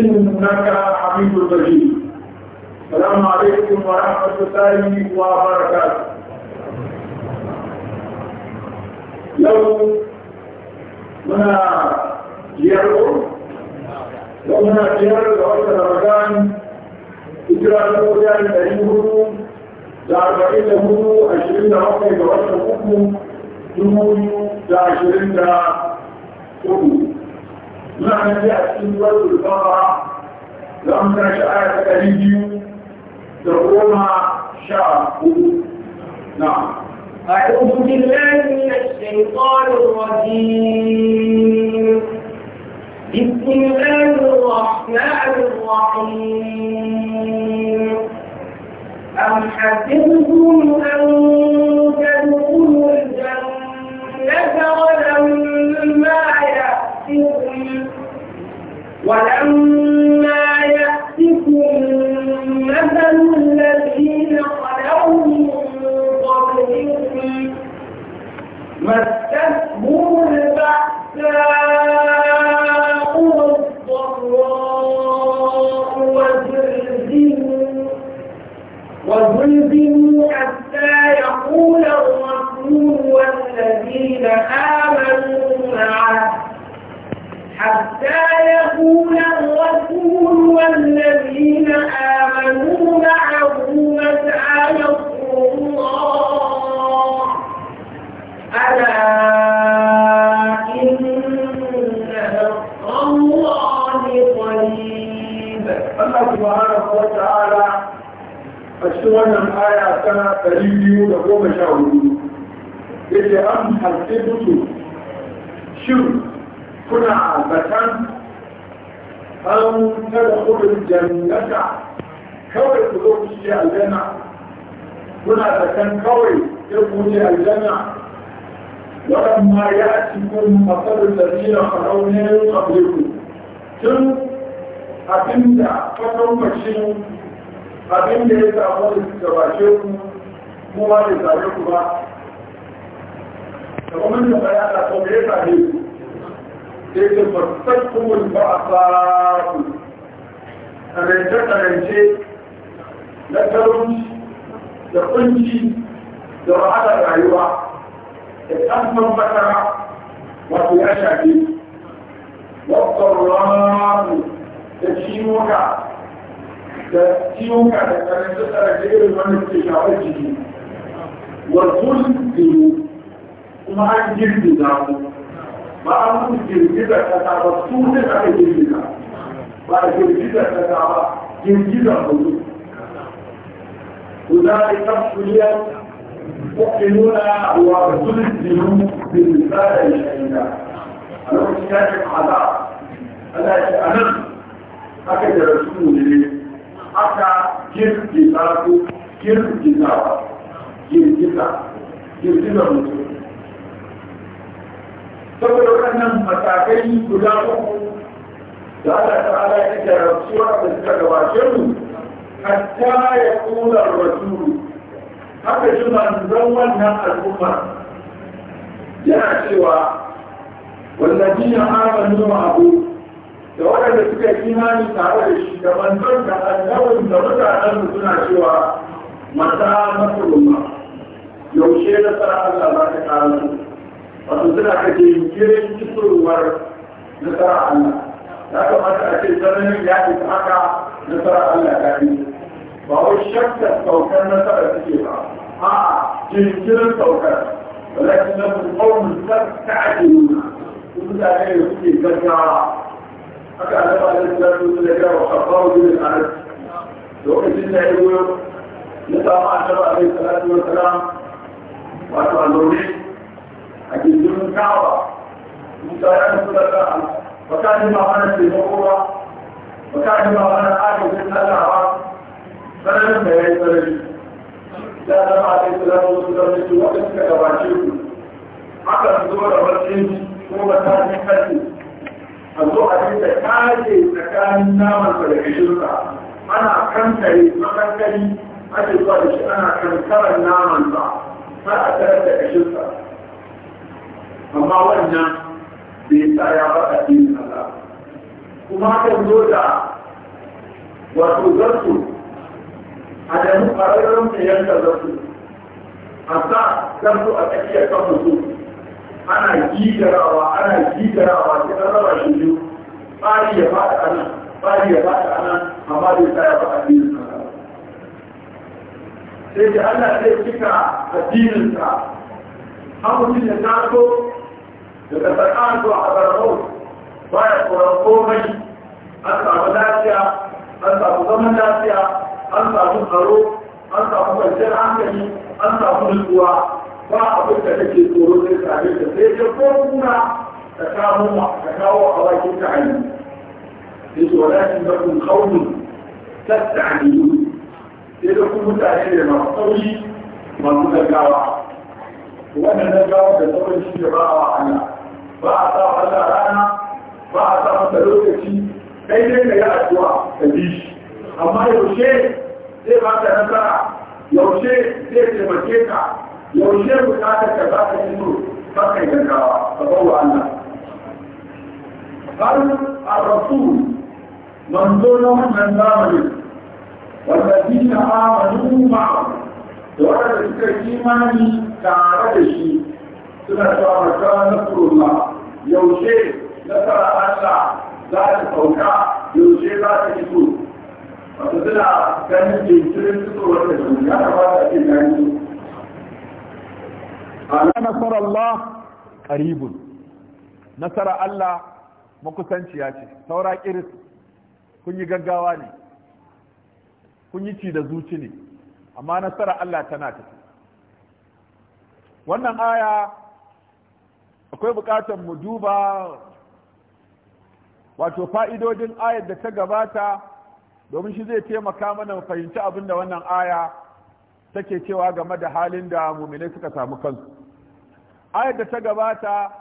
إنك حميد مجيد السلام عليكم ورحمة الله وبركاته لو منا زيارة يوم منا زيارة لوقت رمضان إجراء الأولياء الكريمون لأربعين له عشرين وقت لوقت حكم جمهوري لعشرين حكم معنى جاء في سورة البقرة لم تشاء تكريم تقوم شاء نعم أعوذ بالله من الشيطان الرجيم بسم الله الرحمن الرحيم أم حسبتم أن ولما يأتكم مثل الذين خلوا من قبلكم مستهم البأساء والضراء وزلزلوا حتى يقول الرسول والذين آمنوا معه حتى يكون الرسول والذين آمنوا معه متى نصر الله ألا إن نصر الله قريب الله سبحانه وتعالى أشتغلنا الآية سنة تجيب لكم شاهدون يجي أم حسبتم شو كنا بكان أن تدخل الجنة كوي تدخل الجنة كنا بكان كوي تدخل في الجنة ولما يأتكم مثل الذين خلوا من قبلكم تن أبندا فتن مشين أبندا يتعمل السباشيكم مو ما يتعمل كما كما من يتعمل يتعمل sai matsakkumin ba a faru tsanance-tsanance na talauci da kunci da wahalar rayuwa da ƙasman masara wato ya shafe wasu da ciwuka da ciwuka da tsanance-tsanance irin wanda ke shafar jiki wasu kuma an girgiza mu ba an mun girgizar kasa ba su ne aka girgiza ba da girgizar kasa ba girgizar mutum أولئك أبسليا مؤمنون وزلزلوا بالنسبة شديدا أنا كنت كاتب عذاب أنا أنا أكد رسولي أتى جرد جزاته جرد جزاته جرد جزاته جرد جزاته saboda wannan matakai guda uku da Allah ta'ala ya jarabci da suka gabace mu hatta ya kula rasulu haka shi manzon wannan al'umma yana cewa wallabi na amanu abu da waɗanda suka yi imani tare da shi da manzon da annabin da mutanen suna cewa mata masu yaushe na sara Allah ba ta ƙara wato suna kake yunkirin kisurwar nasara Allah ya kamata a ce tsananin ya fi haka nasara Allah ta yi ba wai shakkar saukar nasara suke ba a jinkirin saukar walakin na kawun sarka ake nuna su mutane da suke gaggawa haka a zama da tsananin su da yawa a kawo gudun arziki lokacin da ya yi na samu a shaba a kai salatu wa salam wato a zaune أجل من الكعبة مستويان صدقاء وكان ما كان في الغرورة وكان ما كان آخر في الألعاب فلم يتبعي لا دفع عليه السلام والسلام وقت كتباشيكم حتى الدولة والسلم هو كان يحسن الزوء أجل تكالي تكالي نامل فلحجرك أنا أكمتري مكتري أجل ضرش أنا أكمتر النامل فأترك حجرك amma wannan bai sa ya bar addinin Allah kuma kan zo da wato zarsu a da mu ƙararren ta yanka zarsu a sa zarsu a tsakiyar kan mutum ana gidarawa ana gidarawa sai an raba shi biyu tsari ya fada a nan tsari ya fada a nan amma bai sa ya bar addinin Allah sai da Allah zai cika addininsa an mutum ya taso يتفقعت وحضرون ضايق ورقومي أنت أبو لاسيا أنت أبو ضمن لاسيا أنت أبو الخروف أنت أبو الجر عنكني أنت أبو القوى وأبوك تجي القرون ليس عليك سيجي القرون تكاهو تكاهو أواجه تعلم إذ ولكن لكم قوم تستعلمون إذا كنت متأخر مع الطويل ما كنت جاوة وأنا نجاوة بطول الشيء رأى عنها ba a sa Allah rana ba a sa masa lokaci daidai da ya addu'a ka bi shi amma yaushe zai ba ka nasara yaushe zai taimake ka yaushe bukatar ka za ka yi so ba ka gaggawa ka bawa Allah har a rasul manzo na wannan zamanin والذين آمنوا معه وعلى ذكر إيماني تعالى شيء سنة وكان نصر الله yaushe nasara Allah za ta sauka yaushe za ta fito wata suna ganin jinkirin fitowar da su ya ta a ce gani nasar Allah karibun nasara Allah makusanciya ce saura kiris kun yi gaggawa ne kun yi ci da zuci ne amma nasara Allah tana tafi wannan aya akwai bukatar mu duba wato fa'idodin ayar da ta gabata domin shi zai taimaka mana mu fahimci abin da wannan aya take cewa game da halin da muminai suka samu kansu ayar da ta gabata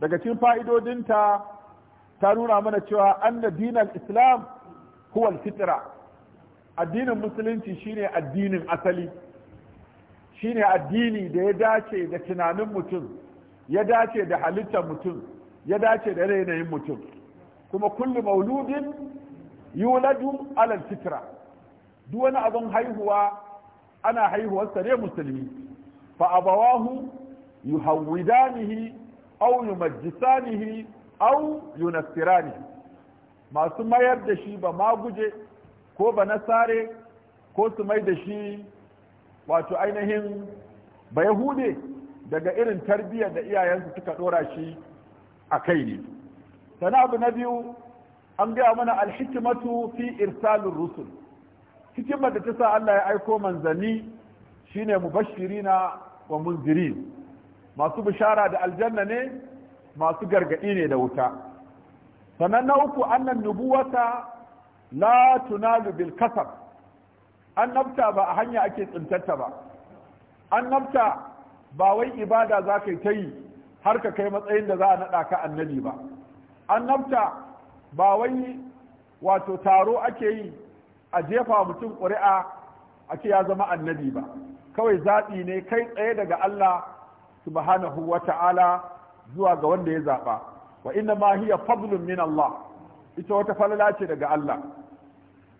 daga cikin fa'idodinta ta nuna mana cewa anna dinal islam huwal fitra addinin musulunci shine addinin asali shine addini da ya dace da tunanin mutum ya dace da halittar mutum ya dace da yanayin mutum kuma kullu mauludin yuladu alal fitra duk wani abun haihuwa ana haihuwarsa ne musulmi fa abawahu yuhawwidanihi aw yumajjisanihi aw yunassiranihi masu mayar da shi ba maguje ko ba nasare ko su mai da shi wato ainihin ba yahude daga irin tarbiyyar da iyayensu suka dora shi a kai ne sana abu na biyu an gaya mana alhikimatu fi irsalin rusul hikimar da ta sa Allah ya aiko manzanni shine mubashirina wa munzirin masu bishara da aljanna ne masu gargadi ne da wuta sannan na uku annan nubuwata la tunalu bil kasab annabta ba a hanya ake tsintarta ba annabta ba wai ibada za ka yi ta yi har ka kai matsayin da za a naɗa ka annabi ba annabta ba wai wato taro ake yi a jefa mutum ƙuri'a a ce ya zama annabi ba kawai zaɓi ne kai tsaye daga Allah subhanahu wa ta'ala zuwa ga wanda ya zaɓa wa inna ma hiya fadlun min Allah ita wata falala ce daga Allah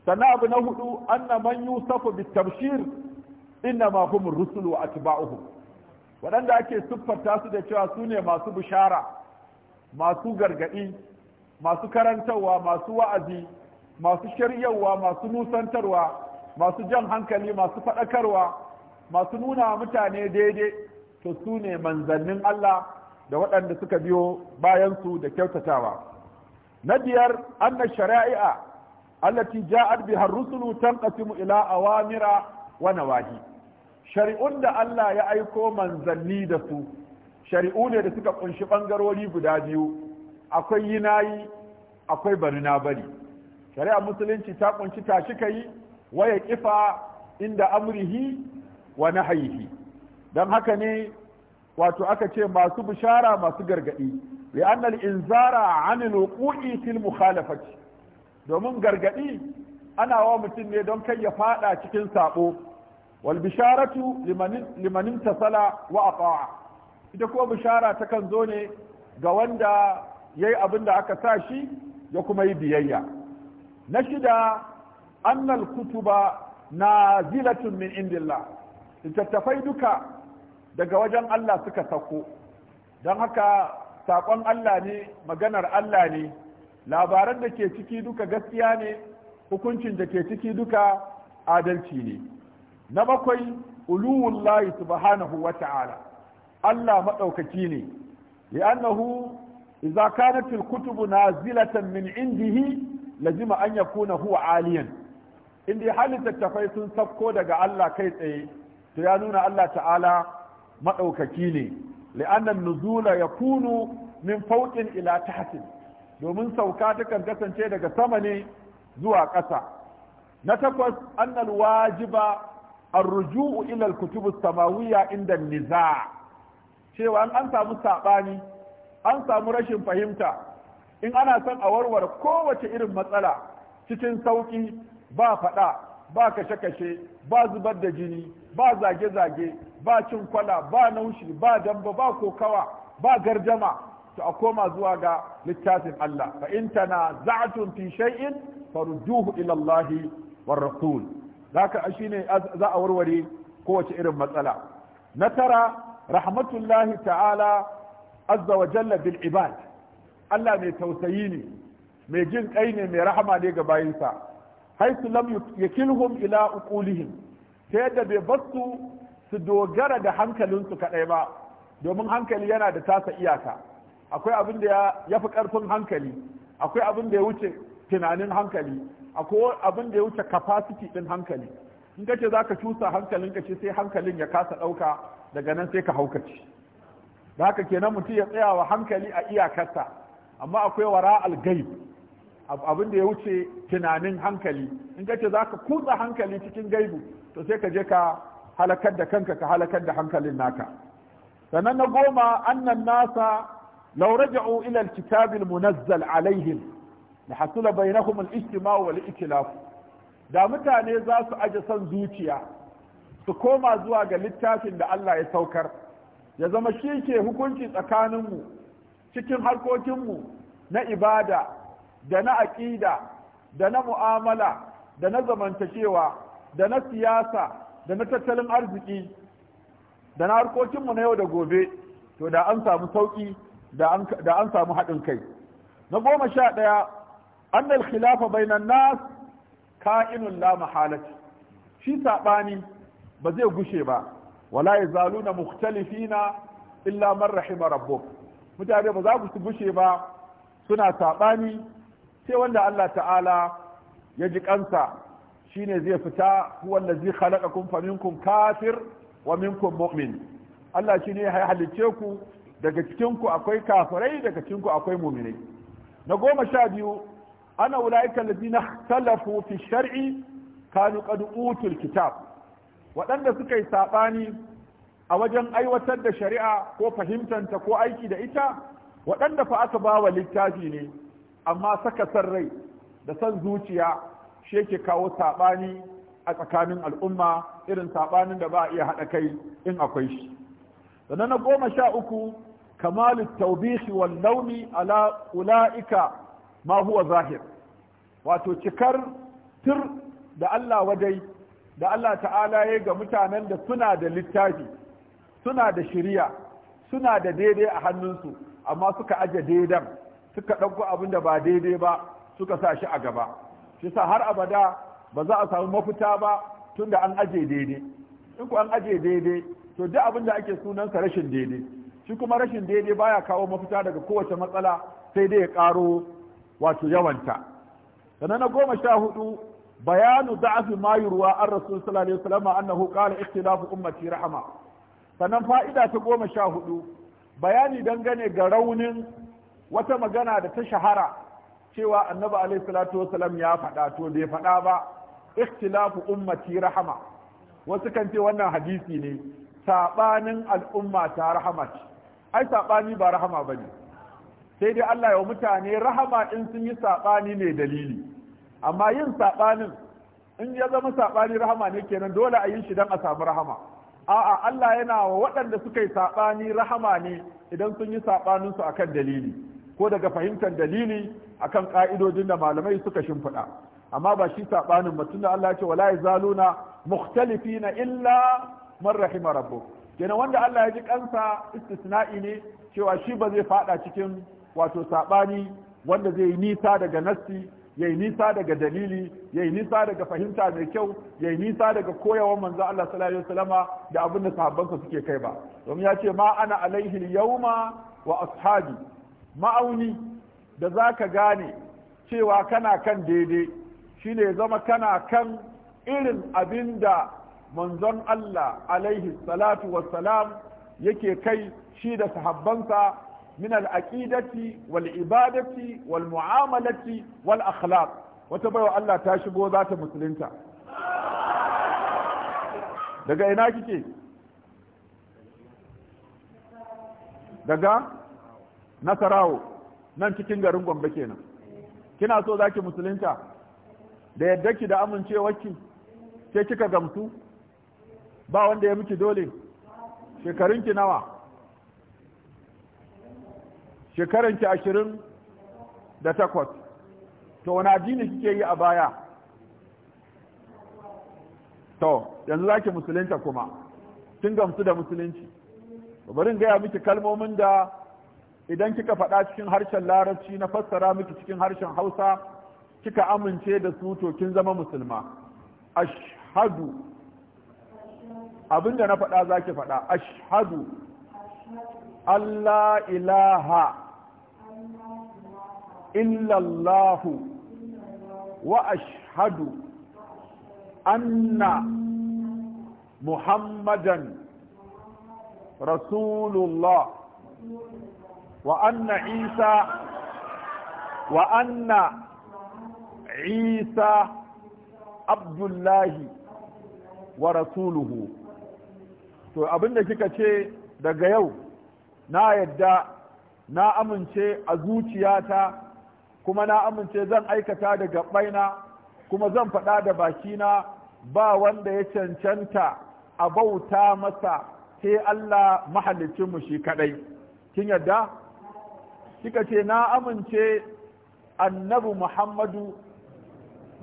sannan abu na hudu anna man yusafu bitabshir inna ma humur rusulu wa atba'uhum waɗanda ake siffanta su da cewa su ne masu bishara masu gargaɗi masu karantarwa masu wa'azi masu shari'arwa masu nusantarwa masu jan hankali masu faɗakarwa masu nuna mutane daidai to su ne manzannin Allah da waɗanda suka biyo bayansu da kyautatawa na biyar anna shari'a allati ja'at biha rusulu tanqasimu ila awamira wa nawahi shari'un da Allah ya aiko manzanni da su shari'u ne da suka kunshi ɓangarori guda biyu akwai yinayi akwai bari na bari shari'a musulunci ta kunshi tashi kai waya kifa inda amrihi wa nahyihi dan haka ne wato aka ce masu bishara masu gargadi li'an annal inzara anil al-wuqu'i fil mukhalafati domin gargadi ana wa mutum ne don kai ya fada cikin sabo wal bisharatu liman imtasala wa ata'a ita kuma bishara takan zo ne ga wanda ya yi abin da aka sa shi ya kuma yi biyayya na shida annal kutuba na zilatun min indillah littattafai duka daga wajen Allah suka sako don haka saƙon Allah ne maganar Allah ne labaran da ke ciki duka gaskiya ne hukuncin da ke ciki duka adalci ne na bakwai uluwun layi subhanahu wa ta'ala Allah maɗaukaki ne li'annahu idza kanat al-kutubu nazilatan min indihi lazima an yakuna huwa aliyan indai hali tattafai sun sabko daga Allah kai tsaye to ya nuna Allah ta'ala maɗaukaki ne li'annan nuzula yakunu min fauƙin ila tahtin domin sauka takan kasance daga sama ne zuwa ƙasa na takwas annal wajiba arruju'u ila ilal kutub as-samawiyya inda niza cewa an samu saɓani, an samu rashin fahimta in ana son a warware kowace irin matsala cikin sauƙi, ba faɗa, ba kashe-kashe ba zubar da jini ba zage-zage ba cin kwala ba naushi ba dambe, ba kokawa ba garjama to a koma zuwa ga littafin Allah fa in za'a fi shay'in in ila Allah war rasul haka shi ne za a warware kowace irin matsala na tara rahmatullahi ta'ala azza wa jalla bil ibad Allah mai tausayi ne mai jin kai ne mai rahama ne ga bayinsa haisu lam yakilhum ila uqulihim ta yadda bai basu su dogara da hankalinsu kadai ba domin hankali yana da tasa iyaka akwai abin da ya fi karfin hankali akwai abin da ya wuce tunanin hankali akwai abin da ya wuce capacity din hankali in ka ce za ka cusa hankalin ka ce sai hankalin ya kasa ɗauka daga nan sai ka haukaci da haka kenan mutum ya tsaya wa hankali a iyakarsa amma akwai wara al algaib abin da ya wuce tunanin hankali in ka ce za ka kutsa hankali cikin gaibu to sai ka je ka halakar da kanka ka halakar da hankalin naka sannan na goma annan nasa law raja'u ila munazzal alaihim da hasula bainahum al-ijtima'u wal da mutane za su aje son zuciya su koma zuwa ga littafin da Allah ya saukar ya zama shi ke hukunci tsakaninmu cikin harkokinmu na ibada da na aƙida da na mu'amala da na zamantakewa da na siyasa da na tattalin arziki da na harkokinmu na yau da gobe to da an samu sauƙi da an samu haɗin kai na goma sha ɗaya أن الخلاف بين الناس كائن لا محالة شي ساباني بزي غشي با ولا يزالون مختلفين illa man rahima ربك mutane ba za ku su bushe ba suna saɓani sai wanda Allah ta'ala ya ji kansa shine zai fita wanda zai khalaqakum fa minkum kafir wa minkum mu'min Allah shine ya halice ku daga cikinku akwai kafirai daga cikinku akwai mu'minai na goma sha biyu ana ulaika allazina ikhtalafu fi shar'i kanu kitab waɗanda suka yi saɓani a wajen aiwatar da shari'a ko fahimtanta ko aiki da ita waɗanda fa aka ba littafi ne amma saka san rai da son zuciya shi yake kawo saɓani a tsakanin al'umma irin saɓanin da ba iya haɗa kai in akwai shi sannan na goma sha uku kamalu taubihi wal launi ala ula'ika ma huwa zahir wato cikar tur da Allah wadai da Allah ta'ala ya ga mutanen da suna da littafi suna da shiriya suna da daidai a hannunsu amma suka aje daidan suka ɗauko abin da ba daidai ba suka sa shi a gaba shi sa har abada ba za a samu mafita ba tunda an aje daidai in ku an aje daidai to duk abin da ake sunansa rashin daidai shi kuma rashin daidai baya kawo mafita daga kowace matsala sai dai ya ƙaro. wato yawanta sannan na goma sha hudu bayanu da'afi ma yurwa an rasul sallallahu alaihi wasallam annahu qala ikhtilafu ummati rahama sannan fa'ida ta goma sha hudu bayani dangane ga raunin wata magana da ta shahara cewa annabi alaihi salatu wasallam ya faɗa to bai faɗa ba ikhtilafu ummati rahma wasu kan ce wannan hadisi ne sabanin al'umma ta rahama ai sabani ba rahama bane sai dai Allah ya mutane rahama in sun yi saɓani ne dalili amma yin saɓanin in ya zama saɓani rahama ne kenan dole a yi shi don a samu rahama a'a Allah yana wa waɗanda suka yi saɓani rahama ne idan sun yi saɓaninsu akan dalili ko daga fahimtar dalili akan ƙa'idodin da malamai suka shimfiɗa amma ba shi saɓanin mutum da Allah ya ce wala yazaluna mukhtalifina illa man rahima rabbuk kenan wanda Allah ya ji kansa istisna'i ne cewa shi ba zai faɗa cikin wato saɓani wanda zai yi nisa daga nassi yayi nisa daga dalili yayi yi nisa daga fahimta mai kyau ya nisa daga koyawar manzo Allah sallallahu alaihi wasallama da abin da sahabbansa suke kai ba domin ya ce ma ana alaihi yauma wa ashabi ma'auni da zaka gane cewa kana kan daidai shine zama kana kan irin abin da manzon Allah alaihi salatu wassalam yake kai shi da sahabbansa min al-aqidati wal ibadati wal mu'amalati wal akhlaq wata baiwa Allah ta shigo zata ta musulunta daga ina kike daga nasarawo nan cikin garin gombe kenan kina so zaki musulunta da yadda ki da amincewarki ke kika gamsu ba wanda ya miki dole shekarunki nawa shekaran ki ashirin da takwas to wani addini kike yi a baya to yanzu zaki musulunta kuma kin gamsu da musulunci bari in gaya miki kalmomin da idan kika faɗa cikin harshen larabci na fassara miki cikin harshen hausa kika amince da su to kin zama musulma ashhadu abinda na faɗa zaki faɗa ashhadu Allah ilaha illallahu wa ashhadu anna muhammadan rasulullah wa isa abdullahi wa rasuluhu to abinda kika ce daga yau na yadda na amince a zuciyata kuma na amince zan aikata da gabaina kuma zan faɗa da bakina ba wanda ya cancanta a bauta masa sai Allah mu shi kaɗai kin yadda kika ce na amince annabi Muhammadu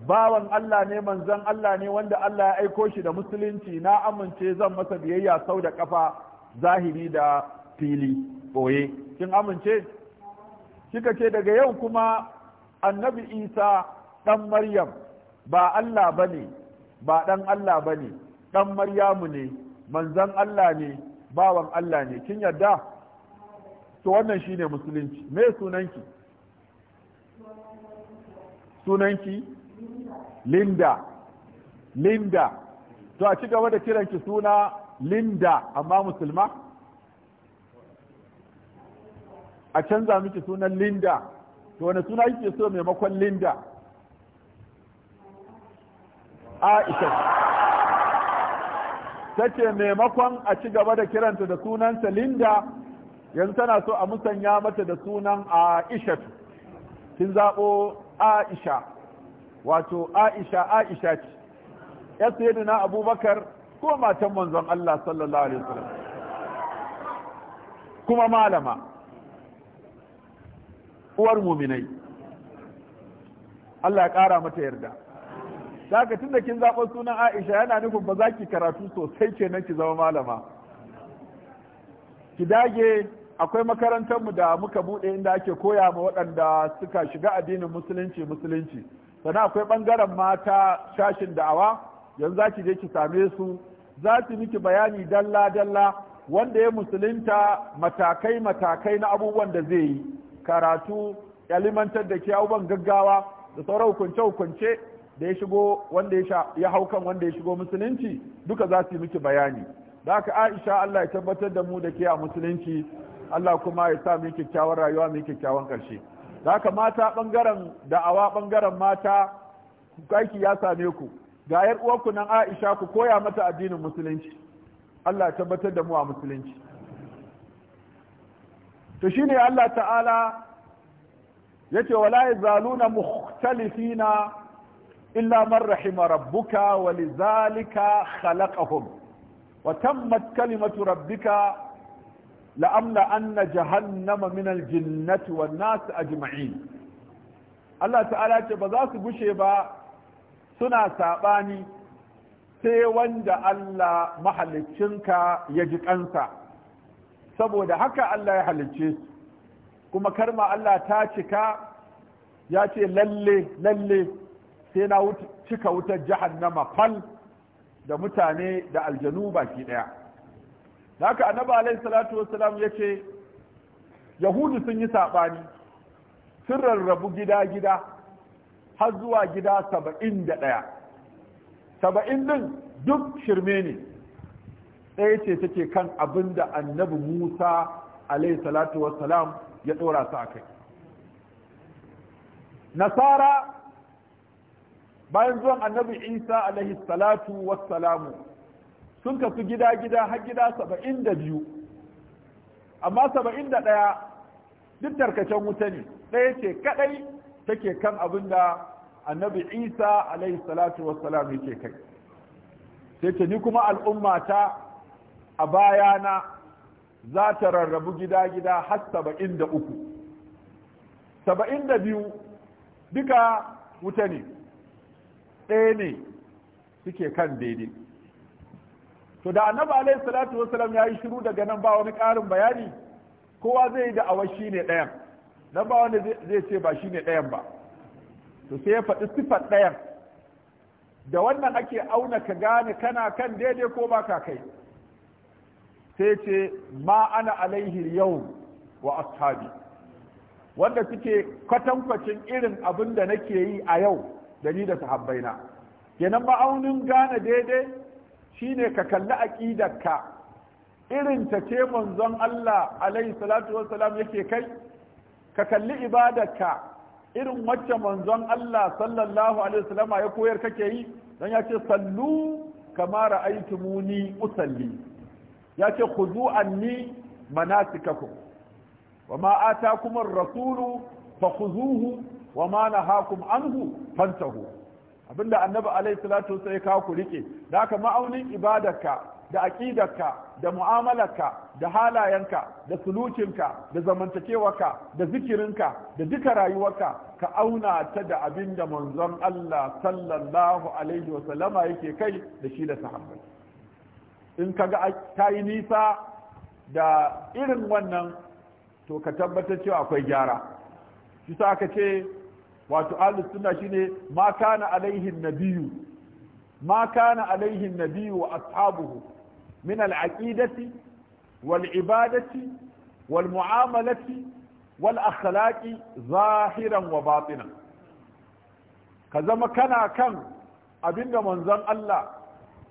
bawan Allah ne manzon Allah ne wanda Allah ya aiko shi da musulunci na amince zan masa biyayya sau da kafa zahiri da fili boye kin amince kika ce daga yau kuma annabi isa ɗan maryam ba allah ba ne ba ɗan allah ba ne ɗan maryamu ne manzan allah ne bawan allah ne kin yadda to wannan shi ne musulunci me sunanki sunanki linda linda to a ci gaba da kiranki suna linda amma musulma a canza miki sunan linda to wani suna yake so maimakon linda aisha ta ce maimakon a ci gaba da kiranta da sunansa linda yanzu tana so a musanya mata da sunan aisha kin zaɓo aisha wato aisha aisha ce ya sayi na abubakar ko matan manzon Allah sallallahu alaihi wasallam kuma malama uwar muminai Allah ya ƙara mata yarda haka tunda kin zaɓa sunan Aisha yana nufin ba za ki karatu sosai kenan ki zama malama ki dage akwai makarantarmu da muka buɗe inda ake koya ma waɗanda suka shiga addinin musulunci musulunci sannan akwai ɓangaren mata shashin da'awa yanzu za ki je ki same su za su miki bayani dalla dalla wanda ya musulunta matakai matakai na abubuwan da zai yi karatu alimantar da kyawun gaggawa da sauran hukunce-hukunce da ya shigo wanda ya hau kan wanda ya shigo musulunci duka za su yi miki bayani da haka aisha Allah ya tabbatar da mu da ke a musulunci Allah kuma ya sa mu kyakkyawar rayuwa mu kyakkyawan karshe da haka mata bangaren da'awa bangaren mata aiki ya same ku ga yar uwarku nan Aisha ku koya mata addinin musulunci Allah ya tabbatar da mu a musulunci to shine Allah ta'ala yace wala yazaluna mukhtalifina illa man rahima rabbuka walizalika khalaqahum wa tammat kalimatu rabbika la amla anna jahannama min aljinnati wan nas ajma'in Allah ta'ala yace ba za su gushe ba suna sabani sai wanda Allah mahaliccinka ya ji kansa saboda haka Allah ya halicce su kuma karma Allah ta cika ya ce lalle lalle sai na cika wutar jahannama fal da mutane da aljanu baki daya haka annabi alaihi salatu wassalam ce yahudu sun yi sabani sun rarrabu gida gida har zuwa gida saba'in da ɗaya saba'in din duk shirme ne ɗaya ce take kan abin da annabi musa alaihi salatu salam ya ɗora su a kai nasara bayan zuwan annabi isa alaihi salatu wassalamu sun kasu gida-gida har gida saba'in da biyu amma saba'in da ɗaya duk tarkacen wuta ne ɗaya ce kaɗai take kan abin da annabi isa alaihi salatu salam yake kai sai ce ni kuma al'ummata a bayana za ta rarrabu gida-gida har saba'in da uku saba'in da biyu duka wuta ne ɗaya ne suke kan daidai to da annaba alayhi salatu wasalam ya yi shiru daga nan ba wani ƙarin bayani kowa zai yi da awa shi ne ɗayan nan ba wani zai ce ba shi ne ɗayan ba to sai ya faɗi sifar ɗayan da wannan ake auna ka gane kana kan daidai ko ba ka kai sai ce ma ana alaihi yau wa ashabi wanda suke kwatankwacin irin abin da nake yi a yau da ni da sahabbaina kenan ma'aunin gane daidai shine ka kalli aqidarka irin ta ce manzon Allah alaihi salatu wassalam yake kai ka kalli ibadarka irin wacce manzon Allah sallallahu alaihi wasallama ya koyar kake yi dan ya ce sallu kama ra'aytumuni usalli ya ce ku zu anni manasikakum wa ma atakum ar-rasulu fakhuzuhu wa ma nahakum anhu fantahu abinda annabi alaihi salatu sai ka ku rike da haka ma'aunin ibadarka da aƙidarka, da mu'amalarka da halayenka da sulukinka da zamantakewarka da zikirinka da duka rayuwarka ka auna ta da abinda manzon Allah sallallahu alaihi Wasallama yake kai da shi da sahabbai in ga ta yi nisa da irin wannan to ka tabbatar cewa akwai gyara shi sa aka ce wato suna shi shine ma kana alaihi nabiyyu ma kana alaihi nabiyyu wa ashabuhu min al wal ibadati wal mu'amalati wal akhlaqi zahiran wa batinan ka zama kana kan abinda manzon Allah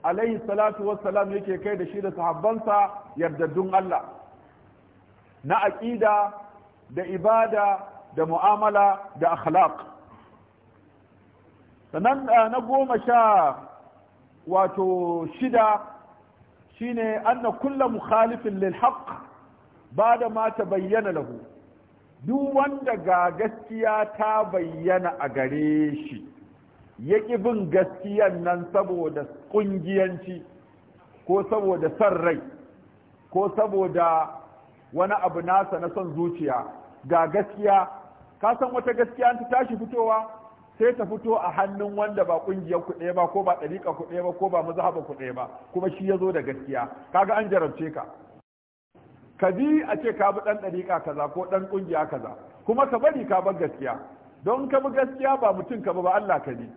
alaihi salatu wassalam yake kai da shi da sahabbansa yardaddun Allah na aqida da ibada da mu'amala da akhlaq sannan eh, na goma sha wato shida shine anna kullu mukhalifin lil haqq bada ma tabayyana lahu duk wanda ga gaskiya ta bayyana a gare shi ya ƙi bin gaskiyan nan saboda ƙungiyanci ko saboda son rai ko saboda wani abu nasa na son zuciya ga gaskiya ka san wata gaskiya ta tashi fitowa sai ta fito a hannun wanda ba ƙungiyar ku ɗaya ba ko ba ɗariƙa ku ba ko ba mazhaba ku ɗaya ba kuma shi ya zo da gaskiya kaga an jarabce ka ka bi a ce ka bi ɗan ɗariƙa kaza ko ɗan ƙungiya kaza kuma ka bari ka bar gaskiya don ka bi gaskiya ba mutum ka ba Allah ka bi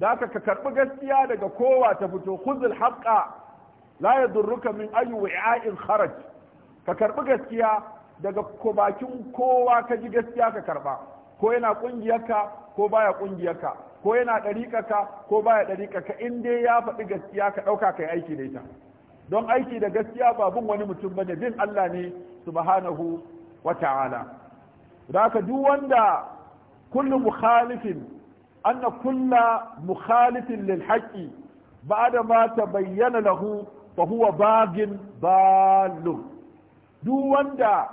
da ka karɓi gaskiya daga kowa ta fito khuzul haqqa la yadurruka min ayu wi'a'in kharaj ka karɓi gaskiya daga ko bakin kowa ka ji gaskiya ka karɓa ko yana ƙungiyarka ko baya ƙungiyarka ko yana ɗariƙarka ko baya ɗariƙarka in dai ya faɗi gaskiya ka ɗauka kai aiki da ita don aiki da gaskiya ba bin wani mutum bane bin Allah ne subhanahu wa ta'ala da duk wanda kullu mukhalifin anna kulla mukhalifin lil haqqi ba'da ma tabayyana lahu fa bagin balun duk wanda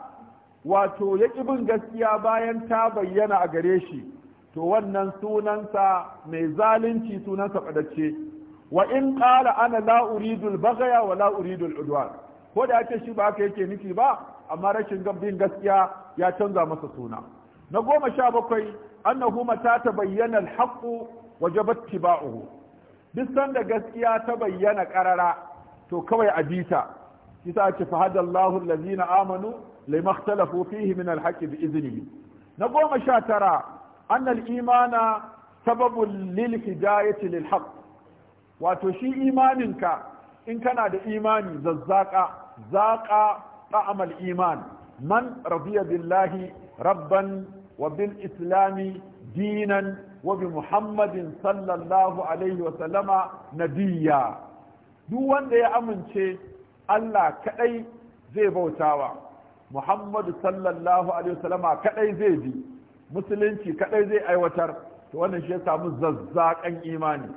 wato ya bin gaskiya bayan ta bayyana a gare shi to wannan sunansa mai zalunci sunansa fadacce wa in qala ana la uridu al-baghya wa la uridu ko da yake shi ba haka yake nufi ba amma rashin bin gaskiya ya canza masa suna na goma sha bakwai annahu mata tabayyana al-haqqu wajabat tiba'uhu duk sanda gaskiya ta bayyana ƙarara to kawai a bita kisa ake fahada Allahu allazina amanu lima ikhtalafu fihi min al bi iznihi na goma sha tara anna al-imana sababun lil hidayati lil haqq wato shi imaninka in kana da imani zazzaka ta amal iman man radiya billahi rabban وبالإسلام دينا وبمحمد صلى الله عليه وسلم نبيا duk wanda ya amince Allah kadai zai bautawa Muhammadu sallallahu alaihi wasallama kadai zai bi musulunci kadai zai aiwatar to wannan shi ya samu zazzakan imani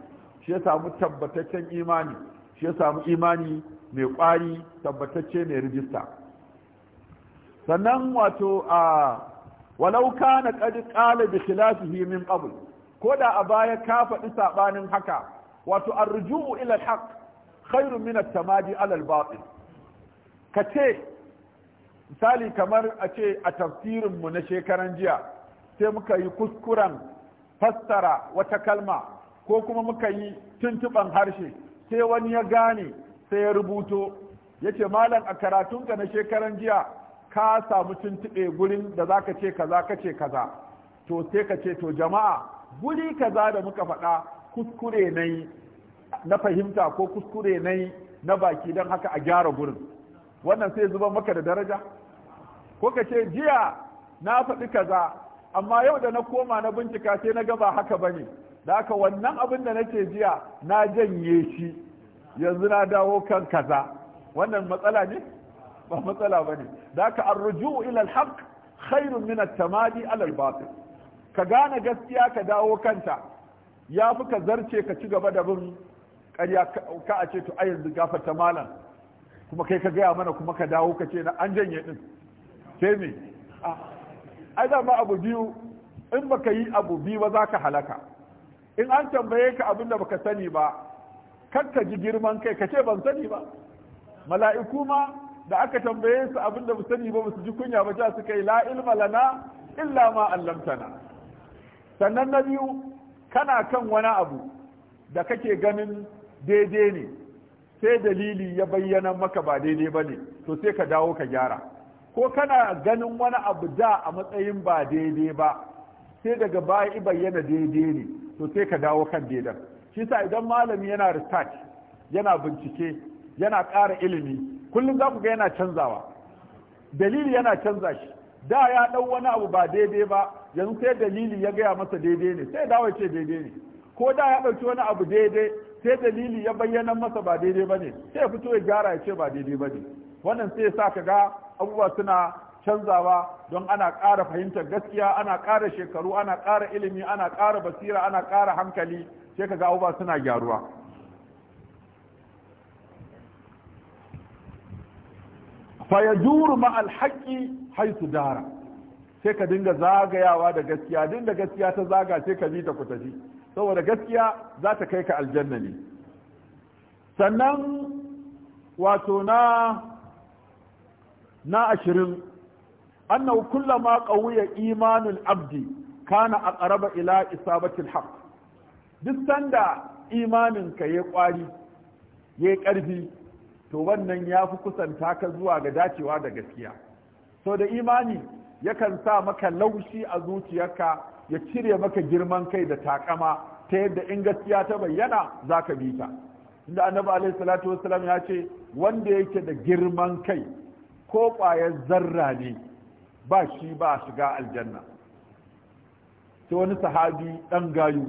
shi ya samu tabbataccen imani shi ya samu imani mai kwari tabbatacce mai rijista sannan wato a walau kana qad qala bi khilafihi min qabl ko da a baya ka faɗi sabanin haka wato arju'u ila al khairu khairun min at-tamadi ala ka ce misali kamar a ce a tafsirin mu na shekaran jiya sai muka yi kuskuren fassara wata kalma ko kuma muka yi tuntuban harshe sai wani ya gane sai ya rubuto ya ce malam a karatunka na shekaran jiya ka samu tuntube gurin da za ka ce kaza ka ce kaza to sai ka ce to jama'a guri kaza da muka faɗa kuskure na yi na fahimta ko kuskure na yi na baki don haka a gyara gurin wannan sai zuba maka da daraja ko ka ce jiya na faɗi kaza amma yau da na koma na bincika sai na gaba haka bane da haka wannan abin da nake jiya na janye shi yanzu na dawo kan kaza wannan matsala ne ba matsala ba ne. da ka arruju ila alhaq khairun min at-tamadi ala al-batil ka gane gaskiya ka dawo kanta ya fi ka zarce ka ci gaba da bin ƙarya ka a ce to a yanzu gafarta malam kuma kai ka gaya mana kuma ka dawo ka ce na an janye din sai me ah, ai da ma abu biyu in baka yi abu biyu ba za ka halaka in an tambaye ka abin da baka sani ba kar ka ji girman kai ka ce ban sani ba mala'iku ma da aka tambaye su abin da sani ba su ji kunya ba su kai la ilma lana illa ma allamtana sannan na biyu kana kan wani abu da kake ganin daidai ne sai dalili ya bayyana maka ba daidai ba ne to sai ka dawo ka gyara ko kana ganin wani abu da a matsayin ba daidai ba sai daga baya i bayyana daidai ne to sai ka dawo kan daidan shi sa idan malami yana research yana bincike yana ƙara ilimi kullum za ku ga yana canzawa dalili yana canza shi da ya ɗau wani abu ba daidai ba yanzu sai dalili ya gaya masa daidai ne sai dawo ce daidai ne ko da ya ɗauki wani abu daidai sai dalili ya bayyana masa ba daidai ba ne sai fito ya gyara ya ce ba daidai ba ne wannan sai sa ka ga abubuwa suna canzawa don ana ƙara fahimtar gaskiya ana ƙara shekaru ana ƙara ilimi ana ƙara basira ana ƙara hankali sai ka ga abubuwa suna gyaruwa fa ya alhaƙi ma'al haisu dara sai ka dinga zagayawa da gaskiya dinda gaskiya ta zaga sai ka bi ta ku tafi saboda gaskiya za ta kai ka aljanna ne sannan wato na na ashirin annahu kullama wuya imanul abdi kana ƙaraba ila isabatil haqq duk sanda imanin ka ƙwari ya yayi ƙarfi. to wannan ya fi kusanta ka zuwa ga dacewa da gaskiya so da imani yakan sa maka laushi a zuciyarka ya cire maka girman kai da takama ta yadda in gaskiya ta bayyana za ka bi ta inda annabi alaihi salatu wasalam ya ce wanda yake da girman kai ko ƙwayar zarra ne ba shi ba shiga aljanna sai wani sahabi ɗan gayu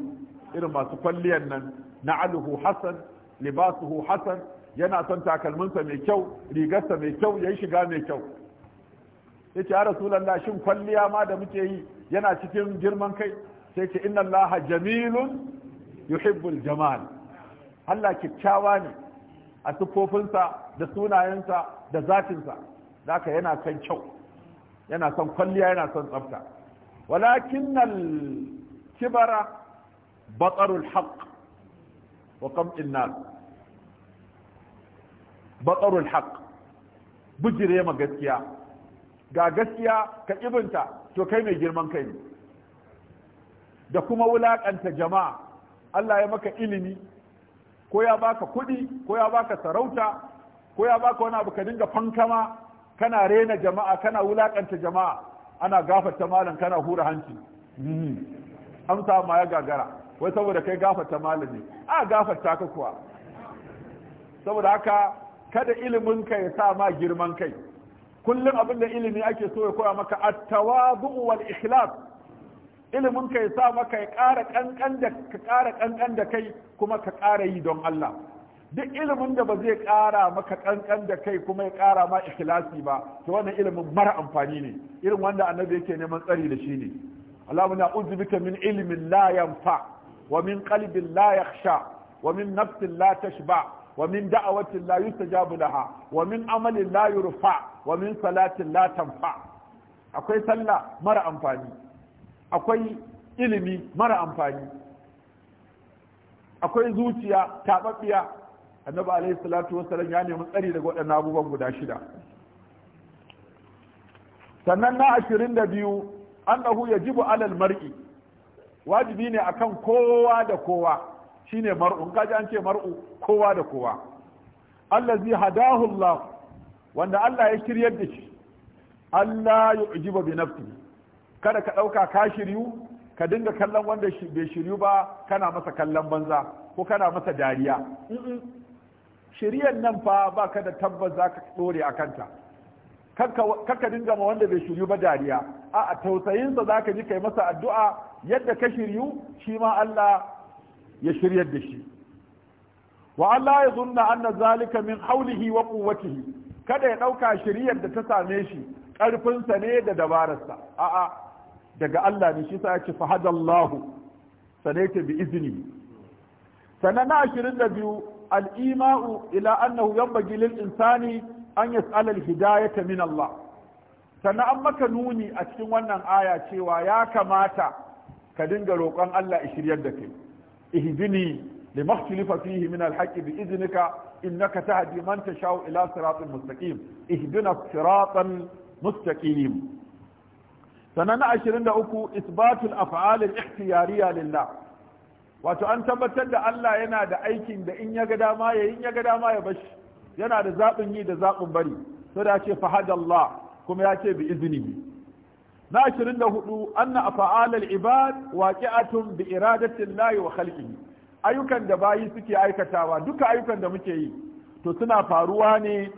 irin masu kwalliyar nan na aluhu hasan libasuhu hasan yana son takalminsa mai kyau rigarsa mai kyau ya yi shiga mai kyau ya ce ya rasulun shin kwalliya ma da muke yi yana cikin girman kai sai ce inna allaha jamilun yuhibbul jamal Allah kyakkyawa ne a siffofinsa da sunayensa da zatinsa aka yana son kyau yana son kwalliya yana son tsafta walakin kibara batsarul haƙ wa qam'in batsarul haq bujire ma gaskiya ga gaskiya ka ibinta to kai mai girman kai ne da kuma wulaƙanta jama'a Allah ya maka ilimi ko ya baka kuɗi ko ya baka sarauta ko ya baka wani abu ka dinga fankama kana rena jama'a kana wulakanta jama'a ana gafarta malam kana hura hanci hmm. amsa ma ya gagara wai saboda kai gafarta malam ne a gafarta ka kuwa saboda haka kada ilimin ka ya sa ma girman kai kullum abin da ilimi ake so ya koya maka at-tawadu wal ikhlas ilimin ka ya sa maka ya ƙara kankan da ka ƙara kankan da kai kuma ka ƙara yi don Allah duk ilimin da ba zai ƙara maka kankan da kai kuma ya ƙara ma ikhlasi ba to wannan ilimin mara amfani ne irin wanda annabi yake neman tsari da shi ne Allahumma na'udzu bika min ilmin la yanfa wa min qalbin la yakhsha wa min nafsin la tashba' wa min da'awatin la yustajabu laha wa min amalin la yurfa wa min salatin la tanfa akwai sallah mara amfani akwai ilimi mara amfani akwai zuciya tababbiya annabi alayhi salatu salam ya nemi tsari daga waɗannan abubuwan guda shida sannan na ashirin da biyu annahu yajibu alal mar'i wajibi ne akan kowa da kowa shine mar'u kaji an ce mar'u kowa da kowa allazi hadahu Allah wanda Allah ya shiryar da shi Allah ya ujiba bi nafsi kada ka dauka ka shiryu ka dinga kallon wanda bai shiryu ba kana masa kallon banza ko kana masa dariya shiriyar nan fa ba ka da tabbas za ka dore a kanta kakka dinga ma wanda bai shiryu ba dariya a tausayinsa za ka ji kai masa addu'a yadda ka shiryu shi ma Allah ya shiryar da shi wa Allah ya zunna anna zalika min haulihi wa quwwatihi kada ya dauka shiryar da ta same shi karfinsa ne da dabararsa a'a daga Allah ne shi sa ya ce fahadallahu sanaita bi izini. sanan na biyu al-ima'u ila annahu yanbaghi lil insani an yas'ala al-hidayata min Allah sannan an maka nuni a cikin wannan aya cewa ya kamata ka dinga roƙon Allah ya shiryar da kai ihdini lima ikhtalafa fihi min al-haqq bi idnika innaka tahdi man tashau ila siratin mustaqim ihdina siratan mustaqim sanana 23 isbatul af'al al-ikhtiyariya lillah wato an tabbatar da Allah yana da aikin da in ya ga dama ya in ya ga dama ya bashi yana da zaɓin yi da zaɓin bari sai da ce fahadallah kuma ya ce bi izini na hudu anna af'al al-ibad waqi'atun bi iradati Allah wa khalqihi ayyukan da bayi suke aikatawa duka ayyukan da muke yi to suna faruwa ne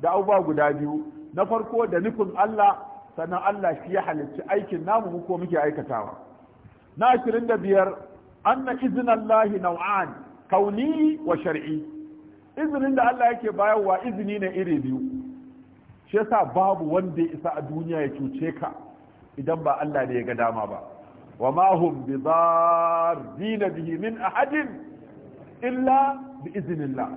da abubuwa guda biyu na farko da nufin Allah sannan Allah shi ya halicci aikin namu ko muke aikatawa na 25 anna izinallahi naw'an kauni wa shar'i izinin da Allah yake bayarwa izini ne iri biyu shi yasa babu wanda ya isa a duniya ya cuce ka idan ba Allah ne ya ga dama ba wa ma hum bi dina bihi min ahadin illa bi iznillah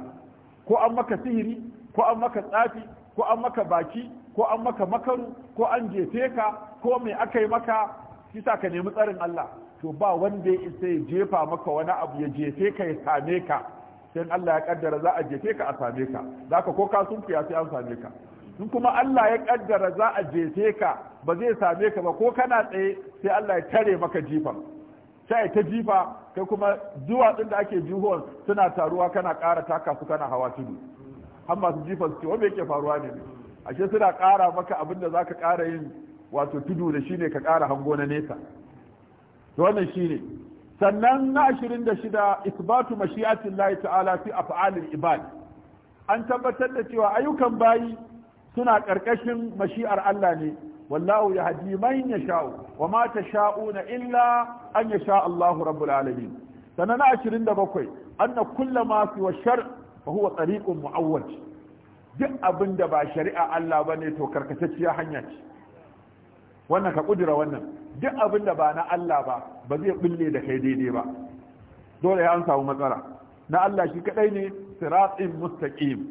ko an maka sihiri ko an maka tsafi ko an maka baki ko an maka makaru ko an jefe ka ko mai aka yi maka kisa ka nemi tsarin Allah to ba wanda ya ya jefa maka wani abu ya jefe ka ya same ka sai Allah ya kaddara za a jefe ka a same ka zaka ko ka fiya sai an same ka in kuma Allah ya kaddara za a jefe ka ba zai same ka ba ko kana tsaye sai Allah ya tare maka jifa sai ta jifa kai kuma duwatsun da ake juhuwan suna taruwa kana ƙara taka su kana hawa tudu har masu jifa su ce wanda yake faruwa ne ashe suna ƙara maka abin da zaka ƙara yin wato tudu da shine ka ƙara hango na nesa to wannan shine sannan na ashirin da shida isbatu mashi'atillahi ta'ala fi af'alil ibad an tabbatar da cewa ayyukan bayi suna ƙarƙashin mashi'ar Allah ne wallahu yahdi man yasha'u wa Sha'u na illa an yasha Allah rabbul alamin sanana 27 anna kullama fi shar fa huwa tariqun mu'awwaj duk abin da ba shari'a Allah bane to karkatacciya hanya ce wannan ka kudura wannan duk abin da ba na Allah ba ba zai bulle da kai daidai ba dole ya an samu matsala na Allah shi kadai ne siratin mustaqim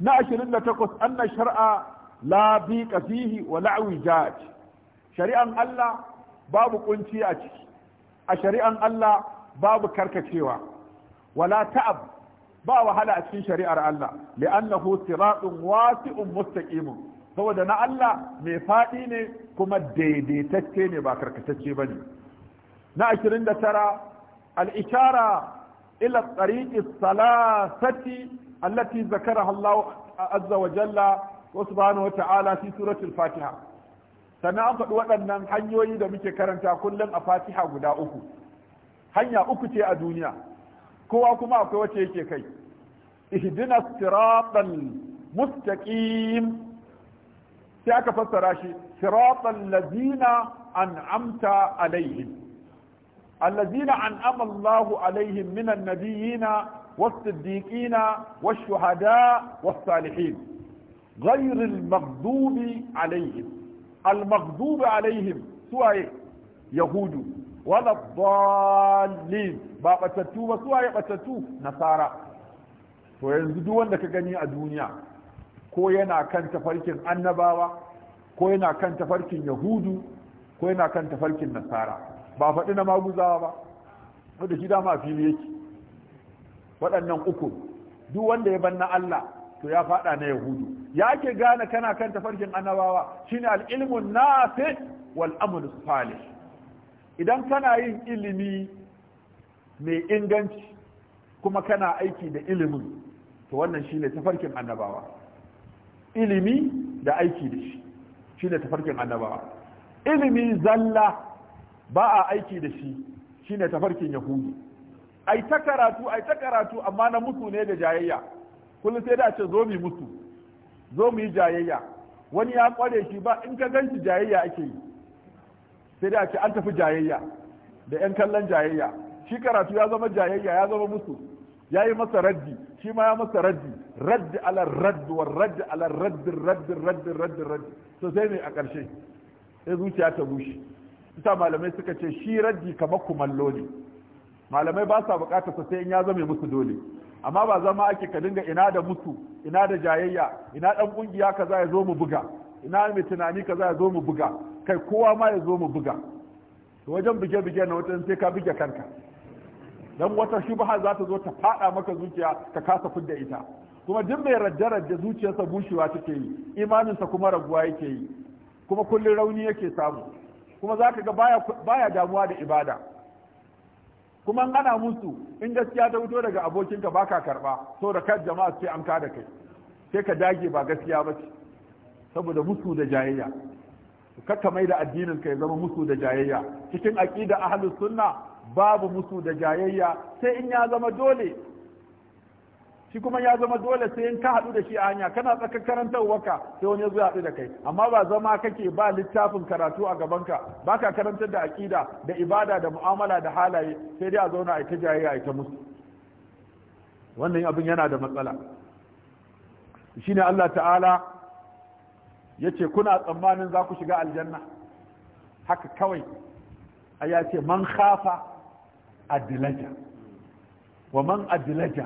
na 28 anna shar'a la bi fihi wa la'wi jaj shari'an Allah babu kunci a ciki a shari'an Allah babu karkacewa wala ta'ab ba wahala a cikin shari'ar Allah li'annahu siratun wasi'un mustaqimun saboda na Allah mai faɗi ne kuma daidaitacce ne ba karkatacce bane na 29 al-ishara ila tariqi salasati allati zakaraha Allah azza wa jalla wa subhanahu wa fi suratul fatiha sannan an faɗi waɗannan hanyoyi da muke karanta kullum a fatiha guda uku hanya uku ce a duniya kowa kuma akwai wacce yake kai ihdina siratal mustaqim sai aka fassara shi siratal ladzina an'amta alaihim allazina an'ama Allahu alaihim minan nabiyina was-siddiqina wash-shuhada salihin غير المغضوب عليهم المغضوب عليهم سواء يهود ولا الضالين با باتتو ba suwaye batattu nasara to yanzu duk wanda ka gani a duniya ko yana kan tafarkin annabawa ko yana kan tafarkin yahudu ko yana kan tafarkin nasara ba faɗi na maguzawa ba wanda shi dama a fili yake waɗannan uku duk wanda ya ban na Allah to ya faɗa na yahudu ya ke gane kana kan tafarkin annabawa shine al-ilmun nafi wal amal salih idan kana yin ilimi mai inganci kuma kana aiki da ilimin to wannan shine tafarkin annabawa ilimi da aiki da shi shine tafarkin annabawa ilimi zalla ba a aiki da shi shine tafarkin yahudu ai ta karatu ai ta karatu amma na mutu ne da jayayya kullum sai da ce zo mu musu zo mu yi jayayya wani ya kware shi ba in ka ganci jayayya ake yi sai da ce an tafi jayayya da yan kallon jayayya shi karatu ya zama jayayya ya zama musu ya yi masa raddi shi ma ya masa raddi raddi ala raddi wa raddi ala raddi raddi raddi raddi raddi to sai mai a ƙarshe sai zuciya ta bushe ita malamai suka ce shi raddi kamar kumallo ne malamai ba sa bukatar sa sai in ya zame musu dole amma ba zama ake ka dinga ina da mutu ina da jayayya ina dan kungiya kaza ya zo mu buga ina mai tunani kaza ya zo mu buga kai kowa ma ya zo mu buga to wajen buge buge na wata sai ka buge kanka dan wata shubha za ta zo ta fada maka zuciya ka kasa fidda ita kuma duk mai radda radda zuciyarsa bushewa take yi imaninsa kuma raguwa yake yi kuma kullun rauni yake samu kuma zaka ga ga baya damuwa da ibada kuma an ana musu in gaskiya ta fito daga abokinka baka karba so da kan jama'a sai an da kai sai ka dage ba gaskiya ba ce saboda musu da jayayya kakka mai da addinin ka ya zama musu da jayayya cikin aqida ahlus sunna babu musu da jayayya sai in ya zama dole shi kuma ya zama dole sai in ka haɗu da shi a hanya kana tsakar karantarwarka sai wani ya zo haɗu da kai amma ba zama kake ba littafin karatu a gabanka ba ka karantar da aƙida da ibada da mu'amala da halaye sai dai a zauna a ita jaye a ta musu wannan abin yana da matsala Shi ne Allah ta'ala ya ce kuna tsammanin za ku shiga aljanna haka kawai a ya ce man khafa adilaja wa man adilaja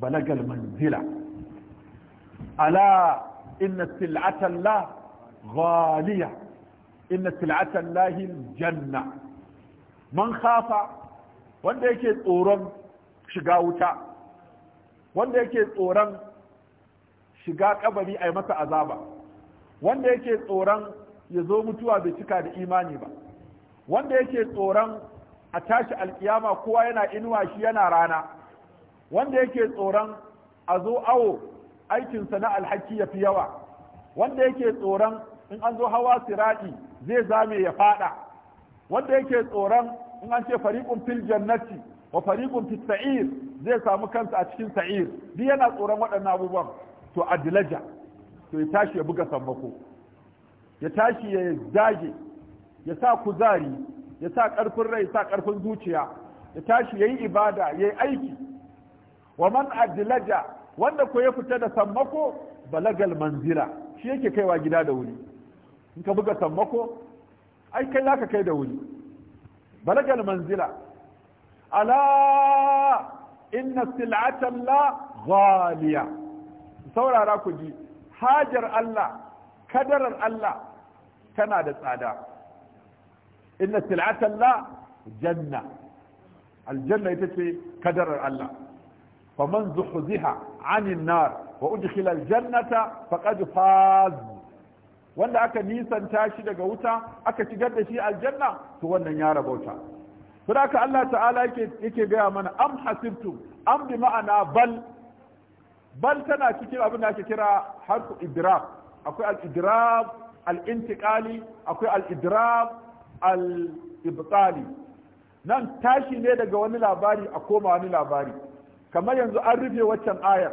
balagal manzila ala inna sil'atan la ghaliya inna sil'atan lahi janna man khafa wanda yake tsoron shiga wuta wanda yake tsoron shiga kabari a masa azaba wanda yake tsoron ya zo mutuwa bai cika da imani ba wanda yake tsoron a tashi alkiyama kowa yana inuwa shi yana rana wanda yake tsoron a zo awo aikinsa na alhaki ya fi yawa wanda yake tsoron in an zo hawa Siraki zai zame ya fada wanda yake tsoron in an ce fariqun fil jannati wa fariqun fis sa'ir zai samu kansa a cikin sa'ir duk yana tsoron waɗannan abubuwan to adilaja to ya tashi ya buga sammako ya tashi ya dage ya sa kuzari ya sa ƙarfin rai ya sa ƙarfin zuciya ya tashi ya yi ibada ya yi aiki wa man adlaja wanda ko ya fita da sammako balagal manzila shi yake kaiwa gida da wuri in ka buga sammako ai kai zaka kai da wuri balagal manzila ala inna sil'ata la ghaliya saurara ku ji hajar Allah kadarar Allah tana da tsada inna sil'ata la janna aljanna ita ce kadarar Allah faman zuhziha anin nar wa udkhila aljannata faqad wanda aka nisanta shi daga wuta aka shigar da shi aljanna to wannan ya rabauta to haka Allah ta'ala yake yake gaya mana am hasibtum am bi ma'ana bal bal tana cikin abin da ake kira harfu Idrab. akwai al idrab al-intiqali akwai al idrab al-ibtali nan tashi ne daga wani labari a koma wani labari kamar yanzu an rufe waccan ayar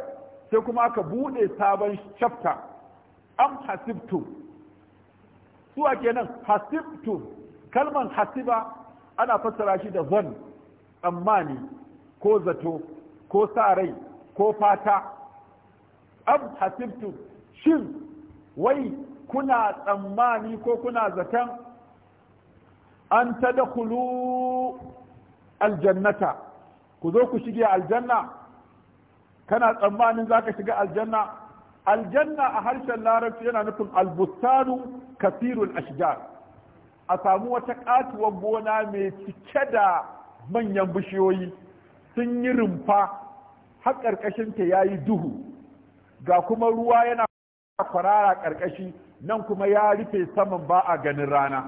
sai kuma aka buɗe sabon chapter am hasibtum suwa kenan hasibtum kalman hasiba ana fassara shi da zan tsammani ko zato ko sa rai ko fata am hasibtum shin wai kuna tsammani ko kuna zaton an tadkhulu aljannata ku zo ku shige aljanna kana tsammanin za ka shiga aljanna aljanna a harshen larabci yana nufin albustanu kafirul ashjar a samu wata katuwar gona mai cike da manyan bishiyoyi sun yi rumfa har ƙarƙashinta ya yi duhu ga kuma ruwa yana kwarara ƙarƙashi nan kuma ya rufe saman ba a ganin rana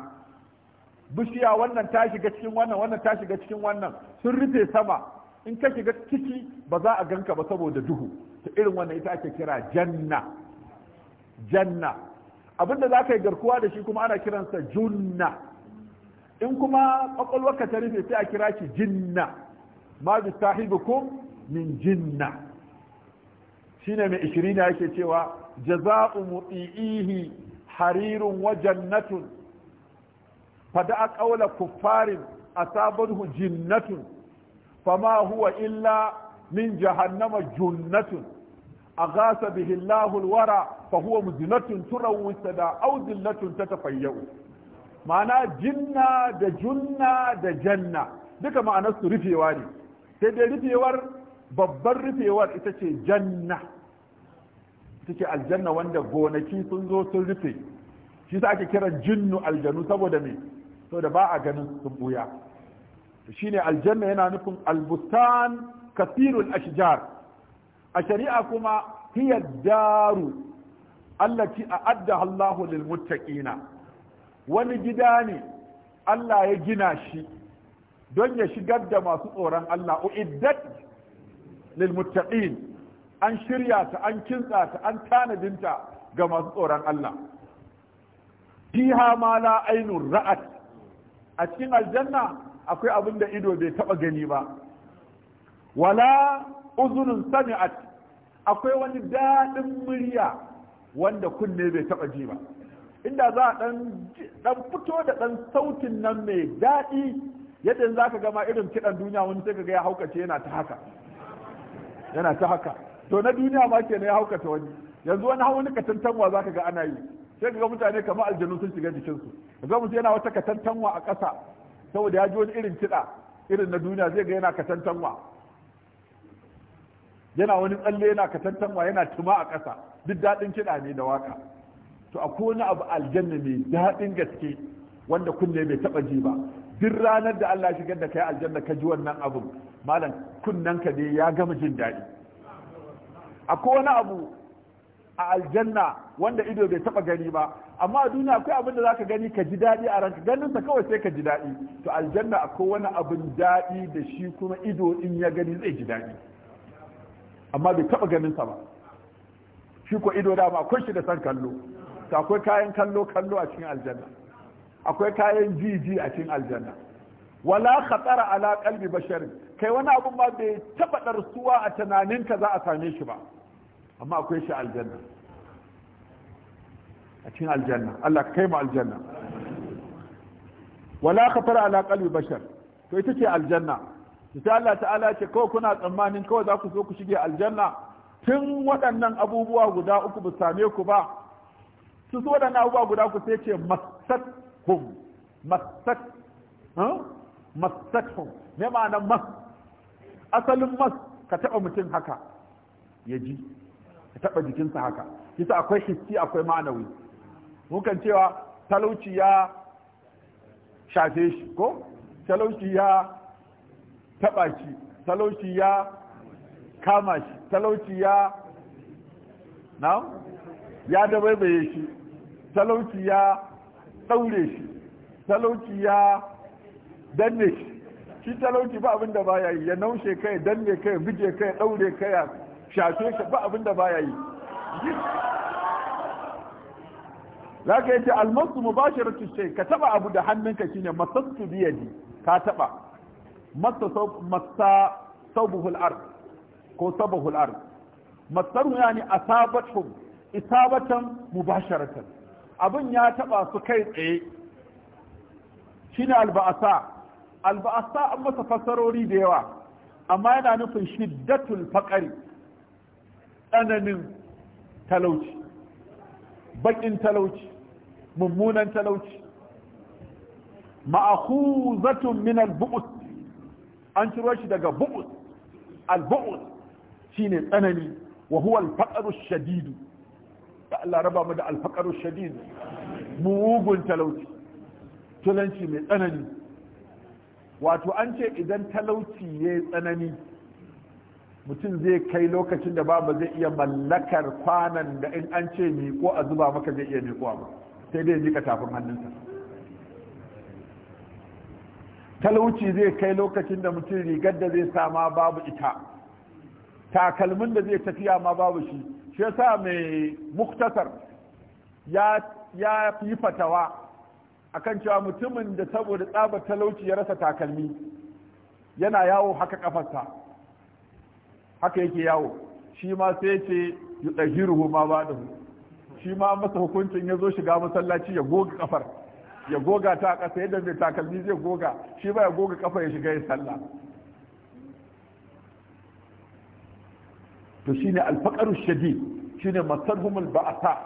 bishiya wannan ta shiga cikin wannan wannan ta shiga cikin wannan sun rufe sama in ka shiga ciki ba za a ganka ba saboda duhu ta irin wannan ita ake kira janna janna abinda za ka yi garkuwa da shi kuma ana kiransa junna in kuma kwakwalwarka ta rufe sai a kira shi jinna ma bi sahibukum min jinna ne mai ishirina yake cewa jaza'u muti'ihi harirun wa jannatun fada a kaula kuffarin asabarhu jinnatun fama huwa illa min jahannama junnatun aghasa bihi Allahu alwara fa huwa mujnatun turawu sada aw dillatun tatafayyu ma'ana jinna da junna da janna duka ma'ana su rufewa ne sai dai rufewar babbar rufewar ita ce janna ita ce aljanna wanda gonaki sun zo sun rufe shi sa ake kiran jinnu aljanu saboda me saboda ba a ganin sun buya shine aljanna yana nufin albustan kasirul ashjar a shari'a kuma hiya daru allati a'addaha Allahu lil muttaqina wani gida ne Allah ya gina shi don ya shigar da masu tsoron Allah uiddat lil muttaqin an shirya ta an kintsa ta an tanadinta ga masu tsoron Allah fiha ma la ainun ra'at a cikin aljanna akwai abin da ido bai taba gani ba wala uzunun sami'at akwai wani daɗin murya wanda kunne bai taba ji ba inda za a dan fito da dan sautin nan mai daɗi yadda za ka gama irin kiɗan duniya wani sai ga ya haukace yana ta haka yana ta haka to na duniya ma ke ne ya haukata wani yanzu wani wani katantanwa za ka ga ana yi sai ga mutane kamar aljanu sun shiga jikinsu ga mutum yana wata katantanwa a ƙasa saboda ya ji wani irin kiɗa irin na duniya zai ga yana katantanwa yana wani tsalle yana katantanwa yana tuma a ƙasa duk daɗin kiɗa ne da waka to akwai wani abu aljanna mai daɗin gaske wanda kunne bai taɓa ji ba duk ranar da Allah shigar da kai aljanna ka ji wannan abun malam kunnen ka ne ya gama jin daɗi akwai wani abu a aljanna wanda ido bai taba gani ba amma a duniya akwai abin da zaka gani ka ji daɗi a ranka ganin sa kawai sai ka ji daɗi to aljanna akwai wani abin daɗi da shi kuma ido in ya gani zai ji daɗi amma bai taba ganin sa ba shi ko ido da ba akwai shi da san kallo to akwai kayan kallo kallo a cikin aljanna akwai kayan jiji a cikin aljanna wala khatara ala qalbi basharin kai wani abun ba bai taba darsuwa a tunaninka za a same shi ba amma akwai shi aljanna a cikin aljanna Allah ka kai mu aljanna wala khatar ala qalbi bashar to ita ce aljanna sai Allah ta'ala ce kawai kuna tsammanin kawai za ku zo ku shige aljanna tun waɗannan abubuwa guda uku ba same ku ba su so waɗannan abubuwa guda uku sai ce masat hum masat masat hum me ma'anar mas asalin mas ka taɓa mutum haka ya ji ka taba jikinsa haka kisa akwai hissi akwai ma'anawi mukan cewa talauci ya shafe shi ko talauci ya taba shi talauci ya kama shi talauci ya na ya dabaibaye shi talauci ya daure shi talauci ya danne shi shi talauci ba abinda ba ya yi ya naushe kai danne kai bije kai daure kai shafe shi ba abin da baya yi za ka ce almasu mu mubasharatu shay ka taba abu da hannunka shine masassu biyadi ka taba masa masa sabuhul ard ko sabuhul ard masaru yani asabatuhum isabatan mubasharatan abin ya taba su kai tsaye shine alba'asa alba'asa an masa fassarori da yawa amma yana nufin shiddatul faƙari. tsananin talauci bakin talauci mummunan talauci ma'akhuzatun min al an ciro shi daga bu'd al shine tsanani wa huwa al-faqru shadid Allah raba mu da al-faqru shadid mugun talauci tulanci mai tsanani wato an ce idan talauci yayi tsanani mutum zai kai lokacin da babu zai iya mallakar kwanan da in an ce miko a zuba maka zai iya mikowa ba sai dai jika tafin hannunsa talauci zai kai lokacin da mutum rigar da zai sama babu ita takalmin da zai tafiya ma babu shi shi yasa mai muktasar ya fi yi fatawa akan cewa mutumin da saboda tsabar talauci ya rasa takalmi yana yawo haka kafarsa haka yake yawo shi ma sai ce yudahiruhu ma da shi ma masa hukuncin ya zo shiga masallaci ya goga kafar ya goga ta a ƙasa yadda mai takalmi zai goga shi ba ya goga kafa ya shiga ya sallah to shi ne shine alfaqaru shadid shine masarhumul ba'sa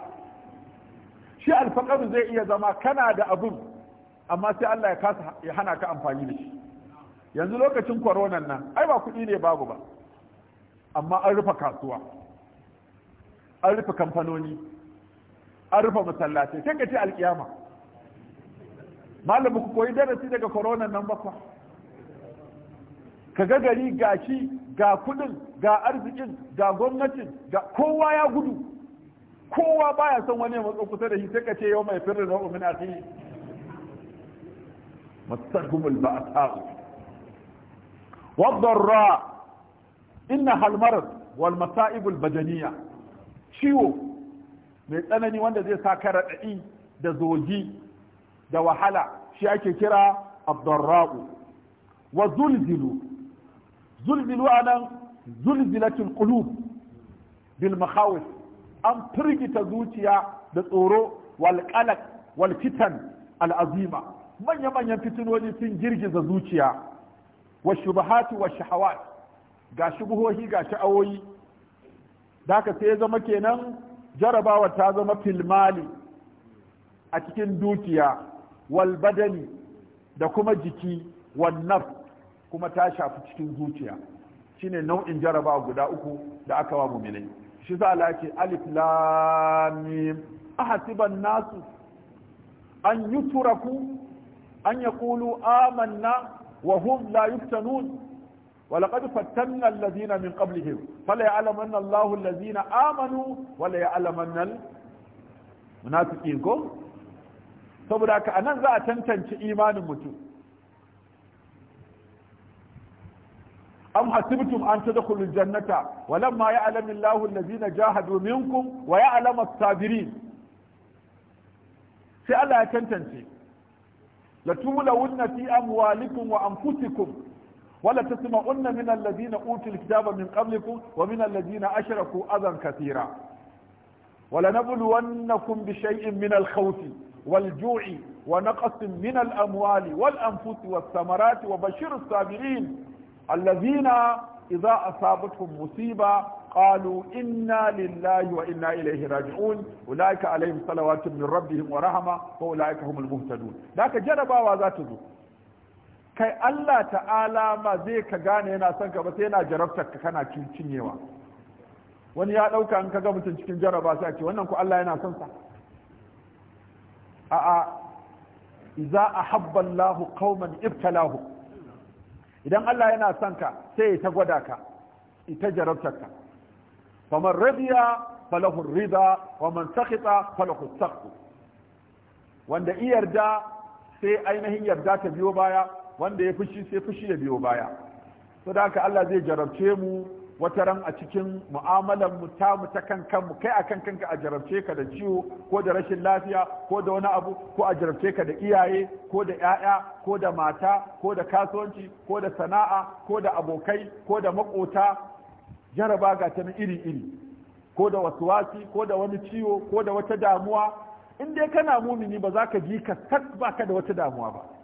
shi alfaƙaru zai iya zama kana da abun amma sai Allah ya kasa ya hana ka amfani da shi yanzu lokacin koronan nan ai ba kuɗi ne babu ba amma an rufe kasuwa an rufe kamfanoni an rufe masallatai sai ka ce alkiyama malamu ku koyi darasi daga corona nan bakwa ka ga gari ga shi ga kudin ga arzikin ga gwamnatin ga kowa ya gudu kowa baya son wani matso kusa da shi sai ka ce yau mai firin ra'u min ba a ba'sa wa dharra inna halmarar wal masa'ibul ciwo mai tsanani wanda zai sa ka raɗaɗi da zogi da wahala shi ake kira abdurra'u wa zulzilu zulzilu anan zulzilatul qulub bil makhawif an firgita zuciya da tsoro walƙalak wal fitan al'azima manya manyan fitinoni sun girgiza zuciya wa shubahati wa shahawat ga shubuhohi ga sha'awoyi da haka sai zama kenan jarabawa ta zama filmali a cikin dukiya wal badani da kuma jiki wannan kuma ta shafi cikin zuciya shine nau'in jarabawa guda uku da aka wa muminai shi za a ce alif lamim ahasiban nasu an turaku, an yaqulu amanna wa hum la yuftanun ولقد فتنا الذين من قبلهم فليعلمن الله الذين آمنوا وليعلمن المنافقين كم saboda ka anan za a tantance imanin mutum am hasibtum an tadkhulul jannata walamma ya'lamu Allahu allazina jahadu minkum wa ya'lamu as-sabirin sai Allah ya tantance la tumlawunna fi amwalikum wa anfusikum ولا تسمعن من الذين اوتوا الكتاب من قبلكم ومن الذين اشركوا اذى كثيرا ولنبلونكم بشيء من الخوف والجوع ونقص من الاموال والانفس والثمرات وبشر الصابرين الذين اذا اصابتهم مصيبه قالوا إنا لله وإنا إليه راجعون أولئك عليهم صلوات من ربهم ورحمة وأولئك هم المهتدون ذاك جربا وذات ذو kai Allah ta'ala ba zai ka gane yana son ka ba sai yana jarabtar ka kana cinyewa wani ya ɗauka in kaga mutum cikin jaraba sai ce wannan ku Allah yana son sa a'a idza ahabba Allahu qauman ibtalahu idan Allah yana son ka sai ya ta gwada ka ita jarabtar ka faman radiya falahu rida wa man sakhita falahu sakhu wanda iyarda sai ainihin yarda ta biyo baya wanda ya fushi sai fushi ya biyo baya to da haka Allah zai jarabce mu wata ran a cikin mu'amalar mu ta mu ta kan kanmu kai a kan kanka a jarabce ka da ciwo ko da rashin lafiya ko da wani abu ko a jarabce ka da iyaye ko da 'ya'ya ko da mata ko da kasuwanci ko da sana'a ko da abokai ko da makota jaraba ga ta iri iri ko da wasuwasi ko da wani ciwo ko da wata damuwa in dai kana mumini ba za ka ji ka sak baka da wata damuwa ba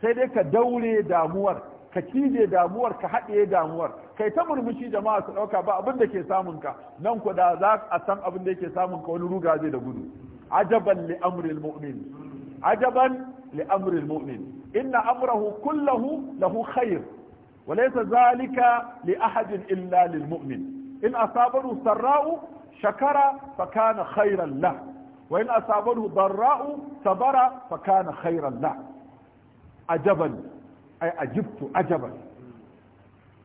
sai dai ka daure damuwar ka cije damuwar ka haɗe damuwar kai ta murmushi jama'a su ɗauka ba abin da ke samun ka nan ku da za a san abin da yake samun ka wani ruga zai da gudu ajaban li amril mu'min ajaban li amril mu'min inna amrahu kullahu lahu khair wa laysa zalika li ahadin illa lil mu'min in asabahu sarra'u shakara fa kana khairan lahu wa in asabahu darra'u sabara fa kana khairan lahu ajaban ai ajibtu ajaban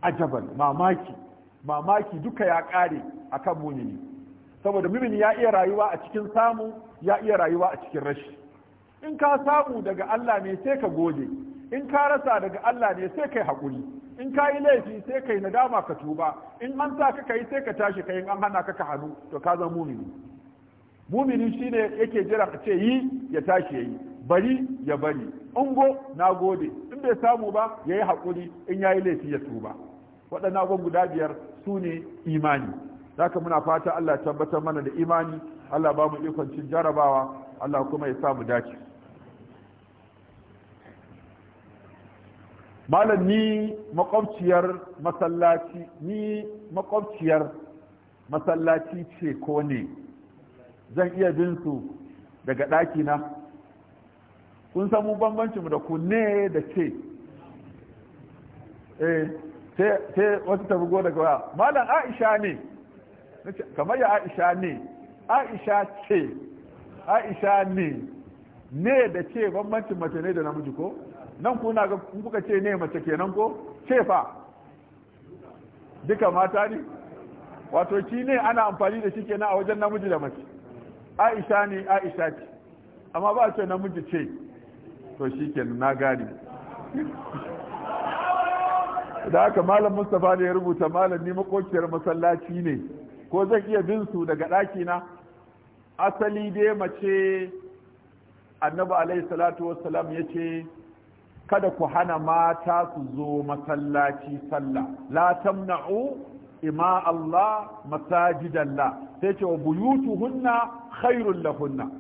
ajaban mamaki mamaki duka ya kare akan mumini saboda mumini ya iya rayuwa a cikin samu ya iya rayuwa a cikin rashi in ka samu daga Allah ne sai ka gode in ka rasa daga Allah ne sai kai hakuri in ka yi laifi sai kai nadama ka tuba in an sa ka kai sai ka tashi kai in an hana ka ka hannu to ka zama mumini mumini shine yake jira ka ce yi ya tashi yayi bari ya bari ungo na gode in bai samu ba ya yi haƙuri in ya yi laifi ya tuba waɗannan abubuwan guda biyar su ne imani haka muna fata Allah ya tabbatar mana da imani Allah ba mu ikon jarabawa Allah kuma ya samu mu dace malam ni makwabciyar masallaci ni makwabciyar masallaci ce ko ne zan iya bin su daga ɗaki na. kun samu mu da ku ne da ce eh sai wasu ta bugo daga waya malam aisha ne kamar ya aisha ne aisha ce aisha ne ne da ce bambancin mace ne da namiji ko nan kuna ga kuka ce ne mace kenan ko ce fa duka mata ne wato ki ne ana amfani da shi kenan a wajen namiji da mace aisha ne aisha ce amma ba ce namiji ce to shi ke na gane da aka malam mustapha ne ya rubuta malam ni makokiyar masallaci ne ko zan iya bin su daga ɗakina. asali dai mace annabi alaihi salatu wassalam ya ce kada ku hana mata su zo masallaci sallah la tamna'u ima Allah la. sai ce wa buyutuhunna khairul lahunna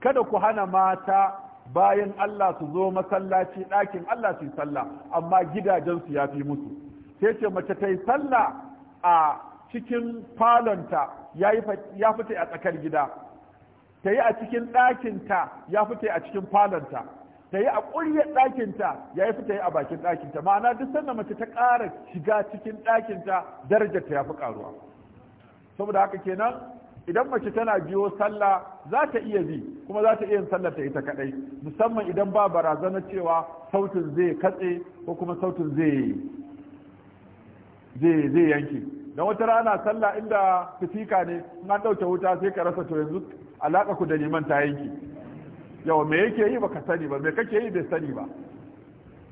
kada ku hana mata bayan Allah su zo masallaci ɗakin Allah su yi sallah amma gidajensu ya fi musu sai ce mace ta yi sallah a cikin falonta ya fita a tsakar gida ta yi a cikin ɗakinta ya fita a cikin falonta ta yi a ƙuryar ɗakinta ya yi fita a bakin ɗakinta ma'ana duk sanda mace ta ƙara shiga cikin ɗakinta darajarta ta ya fi ƙaruwa saboda haka kenan idan mace tana biyo sallah za ta iya bi kuma za ta iya yin sallar ta ita kadai musamman idan ba barazana cewa sautin zai katse ko kuma sautin zai zai zai yanke dan wata rana sallah inda fitika ne in an dauke wuta sai ka rasa to yanzu alaka ku da neman ta yanki. yawa me yake yi baka sani ba me kake yi bai sani ba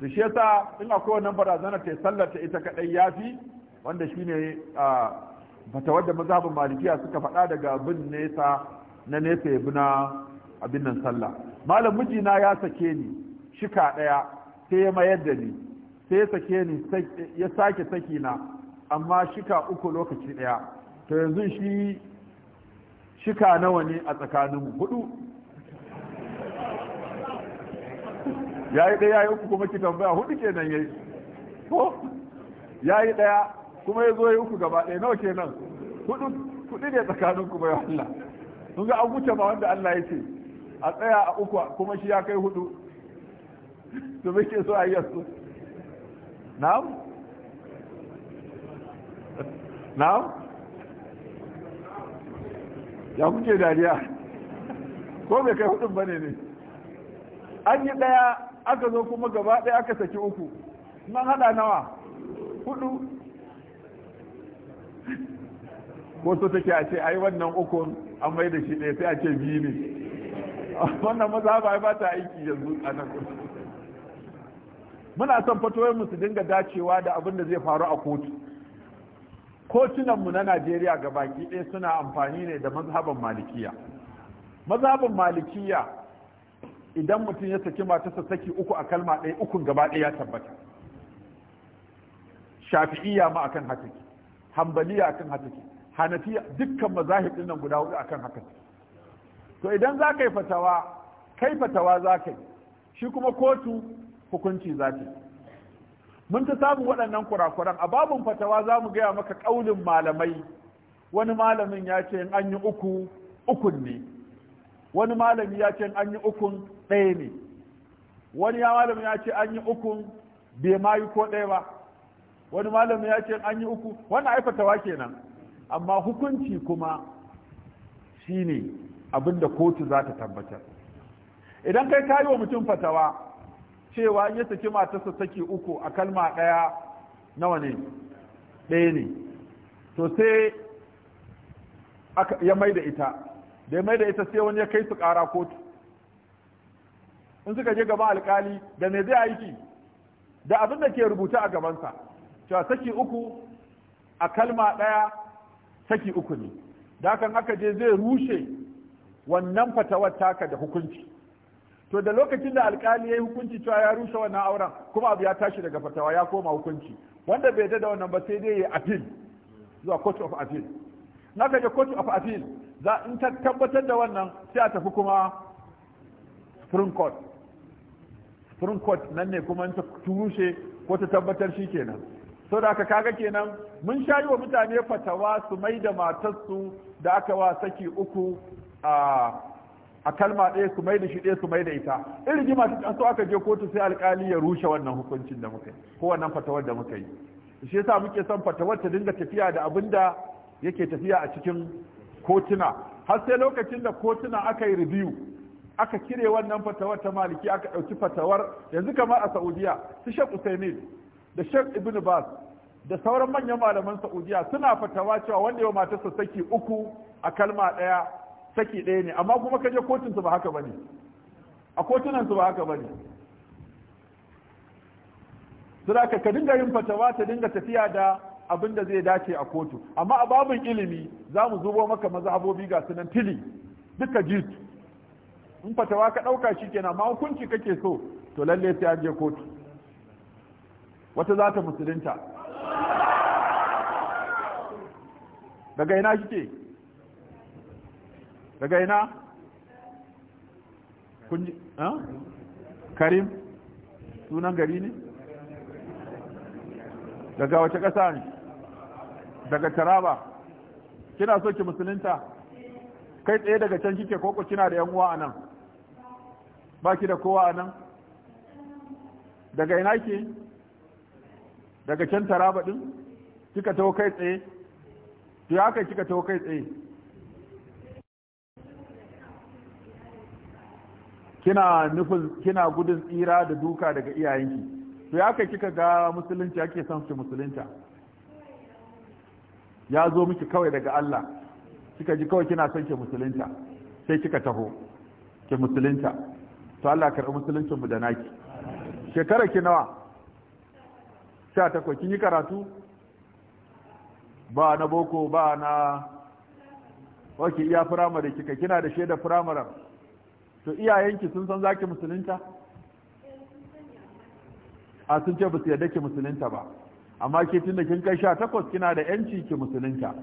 da shi yasa in akwai wannan barazana ta sallar ta ita kadai yafi wanda shine ah, Bata wadda mazhabin malikiya suka faɗa daga abin nesa na nesa ya na abin nan sallah malam mijina ya sake ni shika ɗaya sai ya mayar da ni sai ya sake ni ya sake saki na amma shika uku lokaci ɗaya to yanzu shi shika nawa ne a tsakanin hudu ya yi ɗaya ya uku kuma ki tambaya hudu kenan ya yi ko ya yi ɗaya kuma ya zo ya uku gaba ɗaya nawa kenan hudu kuɗi ne tsakanin ku bai Allah sun ga an wuce ma wanda Allah ya ce a tsaya a uku kuma shi ya kai hudu to me ke so a yi yasu na'am na'am ya kuke dariya ko bai kai hudun bane ne an yi ɗaya aka zo kuma gaba ɗaya aka saki uku nan hada nawa hudu ko so take a ce ai wannan ukun an mai da shi ɗaya sai a ce biyu ne wannan maza ba ba ta aiki yanzu a nan muna son fatoyin mu su dinga dacewa da abin da zai faru a kotu kotunan mu na Najeriya ga baki ɗaya suna amfani ne da mazhaban malikiya mazhaban malikiya idan mutum ya saki ta saki uku a kalma ɗaya ukun gaba ɗaya ya tabbata shafi'iyya ma akan haka hambaliya akan haka ke hanafiya dukkan mazahib din nan guda hudu akan haka to idan za ka yi fatawa kai fatawa za ka yi shi kuma kotu hukunci za ta mun ta samu waɗannan kurakuran a babin fatawa za mu gaya maka ƙaunin malamai wani malamin ya ce an yi uku ukun ne wani malami ya ce an yi ukun ɗaya ne wani ya malami ya ce an yi ukun bai ma yi ko ɗaya ba wani malami ya ce an yi uku wannan aikatawa kenan amma hukunci kuma shine abinda kotu za ta tabbatar idan kai kayi wa mutum fatawa cewa ya saki matarsa saki uku a kalma ɗaya nawa ne ɗaya ne to sai ya mai da ita da ya mai da ita sai wani ya kai su ƙara kotu in suka je gaban alkali da me zai aiki da abin da ke rubuta a gabansa cewa saki uku a kalma ɗaya saki uku ne da kan aka je zai rushe wannan fatawar taka da hukunci to da lokacin da alkali ya yi hukunci cewa ya rushe wannan auren kuma abu ya tashi daga fatawa ya koma hukunci wanda bai da wannan ba sai dai ya appeal zuwa court of appeal na ka je court of appeal za in ta tabbatar da wannan sai a tafi kuma supreme court supreme court nan ne kuma in ta rushe ko ta tabbatar shi kenan so da aka kaga kenan mun sha wa mutane fatawa su mai da matarsu da aka wa saki uku a kalma ɗaya su mai da shi ɗaya su mai da ita irin jima ta so aka je kotu sai alkali ya rushe wannan hukuncin da muka yi ko wannan fatawar da muka yi shi yasa muke son fatawar ta dinga tafiya da abin da yake tafiya a cikin kotuna har sai lokacin da kotuna aka yi review aka kire wannan fatawar ta maliki aka ɗauki fatawar yanzu kamar a saudiya su shek sai da Sheikh Ibn Bas da sauran manyan malaman Saudiya suna fatawa cewa wanda ya matarsa saki uku a kalma ɗaya saki ɗaya ne amma kuma kaje kotun su ba haka bane a kotunan su ba haka bane suna ka ka dinga yin fatawa ta dinga tafiya da abin da zai dace a kotu amma a babin ilimi za mu zubo maka mazhabobi ga sunan tili duka jitu in fatawa ka ɗauka shi kenan amma hukunci kake so to lalle sai an je kotu wata za ta musulunta daga ina kike daga ina kunji karim sunan gari ne daga wace ƙasa ne daga taraba kina so ki musulunta kai tsaye daga can kike koko kina da yan uwa anan baki da kowa anan daga ina ke. daga can taraba din kika taho kai tsaye to ya kai kika taho kai tsaye kina nufin kina gudun tsira da duka daga iyayenki to ya kai kika ga musulunci ake son ki musulunta ya zo miki kawai daga Allah kika ji kawai kina son ki musulunta sai kika taho ki musulunta to Allah karɓi musuluncin mu da naki shekara ki nawa sha takwai kin yi karatu ba na boko ba na wake iya firamare kika kina da shaida firamare to iyayenki sun san zaki musulunta a sun ce ba su yarda ki musulunta ba amma ke tun da kin kai sha takwas kina da yanci ki musulunta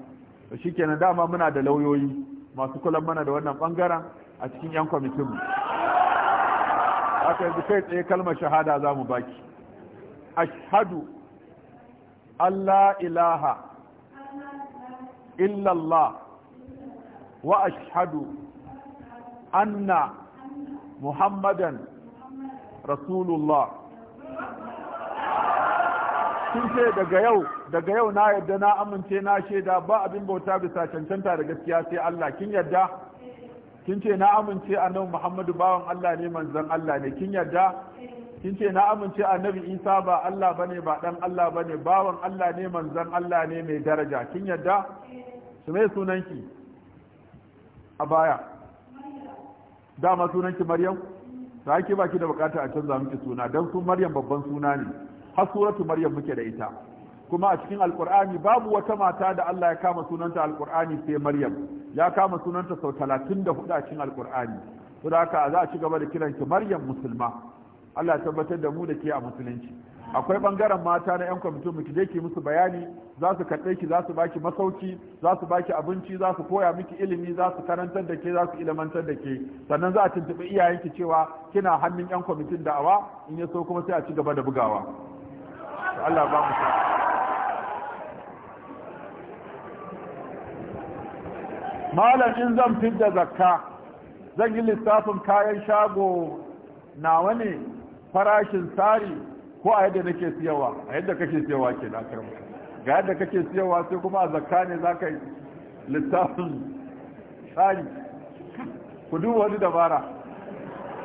to shikenan dama muna da lauyoyi masu kulan mana da wannan bangaren a cikin yan kwamitin mu haka yanzu kai tsaye kalmar shahada za mu baki ashhadu Allah ilaha illallah wa ashhadu anna muhammadan rasulullah sun ce daga yau daga yau na yadda na amince na shaida ba abin bauta bisa cancanta da gaskiya sai Allah kin yadda kin ce na amince annabi muhammadu bawan Allah ne manzon Allah ne kin yadda kin ce na amince annabi isa ba allah bane ba dan allah bane bawan allah ne manzan allah ne mai daraja kin yadda su mai sunanki a baya dama sunanki maryam ta ake baki da bukata a canza miki suna don sun maryam babban suna ne har suratu maryam muke da ita kuma a cikin alkur'ani babu wata mata da allah ya kama sunanta alkur'ani sai maryam ya kama sunanta sau talatin da hudu a cikin alkur'ani to da haka za a ci gaba da kiranki maryam musulma Allah tabbatar da mu da ke a musulunci akwai bangaren mata na yan kwamitin mu je ki musu bayani za su kaɗe ki za su baki masauki za su baki abinci za su koya miki ilimi za su karantar da ke za su ilimantar da ke sannan za a tuntuɓi iyayenki cewa kina hannun yan kwamitin da'awa in ya so kuma sai a ci gaba da bugawa Allah ba mu malam in zan fidda zakka zan yi lissafin kayan shago nawa ne farashin tsari ko a yadda nake siyarwa a yadda kake siyarwa ke na karmu ga yadda kake siyarwa sai kuma a zakka ne za ka yi littafin tsari ku duba wani dabara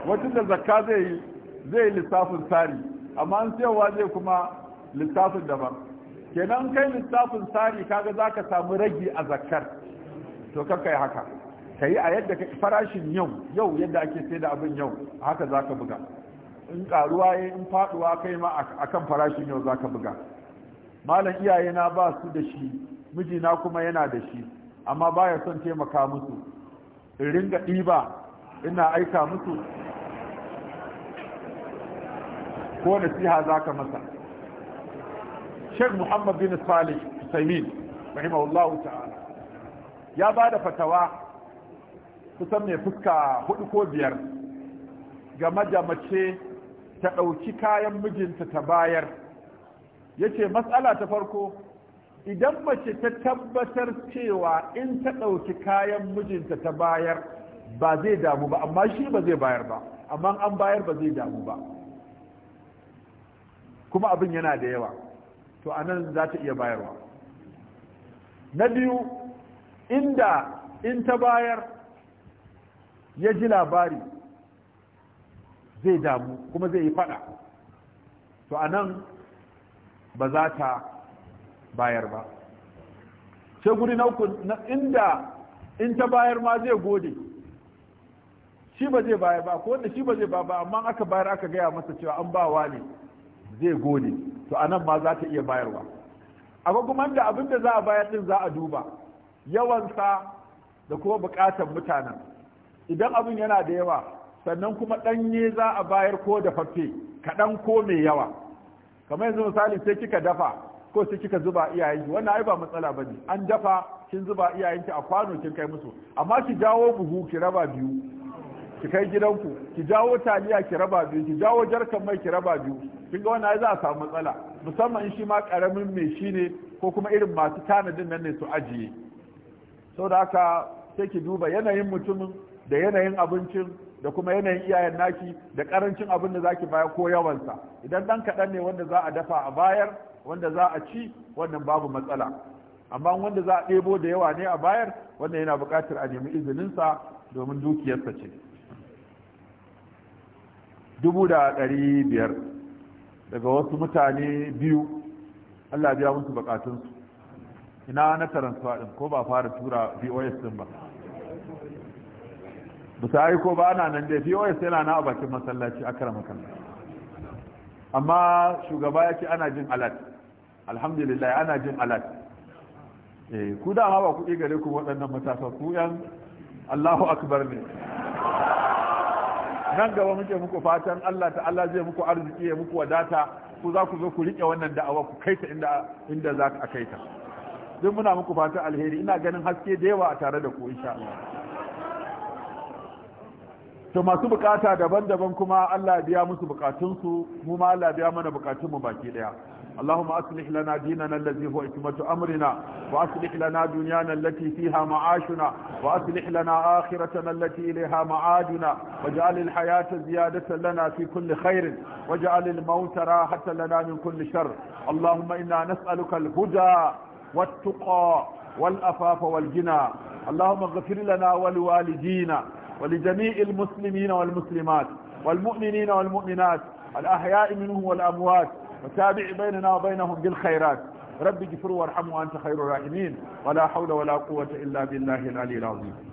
wacin da zakka zai yi zai tsari amma an siyarwa zai kuma littafin daban kenan kai littafin tsari kaga za ka samu ragi a zakkar to kanka yi haka ka yi a yadda farashin yau yau yadda ake sai da abin yau haka za ka buga in karuwa ya in faduwa kai ma a kan farashin yau za ka buga malam iyaye na ba su da shi mijina kuma yana da shi amma ba ya son taimaka musu in ringa ɗiba ina aika musu ko nasiha ka masa Sheikh Muhammad bin Salih Saimin rahimahullahu ta'ala ya ba da fatawa kusan mai fuska hudu ko biyar game da mace ta ɗauki kayan mijinta ta bayar yace matsala ta farko idan mace ta tabbatar cewa in ta ɗauki kayan mijinta ta bayar ba zai damu ba amma shi ba zai bayar ba amma an bayar ba zai damu ba kuma abin yana da yawa to anan nan za ta iya bayarwa na biyu inda in ta bayar ya ji labari zai damu kuma zai yi fada to a nan ba za ta bayar ba sai guri na uku inda in ta bayar ma zai gode shi ba zai bayar ba ko wanda shi ba zai ba ba amma aka bayar aka gaya masa cewa an bawa ne zai gode to a nan ma za ta iya bayarwa akwai kuma da abin da za a bayar din za a duba yawansa da kuma bukatan mutanen idan abin yana da yawa sannan kuma ɗanye za a bayar ko da fafe kaɗan ko mai yawa kamar yanzu misali sai kika dafa ko sai kika zuba iyayenki wannan ai ba matsala ba ne an dafa kin zuba iyayenki a kwano kin kai musu amma ki jawo buhu ki raba biyu ki kai gidanku ki jawo taliya ki raba biyu ki jawo jarkan mai ki raba biyu kin ga wannan ai za a samu matsala musamman in shi ma karamin mai shi ne ko kuma irin masu tanadin nan ne su ajiye saboda haka sai ki duba yanayin mutumin da yanayin abincin da kuma yanayin iyayen naki da karancin abin da zaki bayar ko yawansa idan dan kaɗan ne wanda za a dafa a bayar wanda za a ci wannan babu matsala amma wanda za a ɗebo da yawa ne a bayar wanda yana buƙatar a nemi izininsa domin dukiyarsa ce dubu da ɗari biyar daga wasu mutane biyu allah biya musu buƙatunsu ina na taransu ko ba fara tura bos ɗin ba ba ta ba ana nan da pos yana na a bakin masallaci a kara makalla amma shugaba ya ce ana jin alat alhamdulillah ana jin alat eh ku da hawa kuɗi gare ku waɗannan matasa ku yan allahu akbar ne nan gaba muke muku fatan allah ta'ala zai muku arziki ya muku wadata ku za ku zo ku riƙe wannan da'awa ku kaita inda inda za ka kaita duk muna muku fatan alheri ina ganin haske da yawa a tare da ku insha Allah to masu bukata daban-daban kuma Allah biya musu bukatunsu mu ma Allah biya mana bukatunmu baki daya اللهم أصلح لنا ديننا الذي هو إتمة أمرنا وأصلح لنا دنيانا التي فيها معاشنا وأصلح لنا آخرتنا التي إليها معادنا واجعل الحياة زيادة لنا في كل خير واجعل الموت راحة لنا من كل شر اللهم إنا نسألك الهدى والتقى والأفاف والجنى اللهم اغفر لنا ولوالدينا ولجميع المسلمين والمسلمات والمؤمنين والمؤمنات الأحياء منهم والأموات وتابع بيننا وبينهم بالخيرات رب اغفر وارحم وأنت خير الراحمين ولا حول ولا قوة إلا بالله العلي العظيم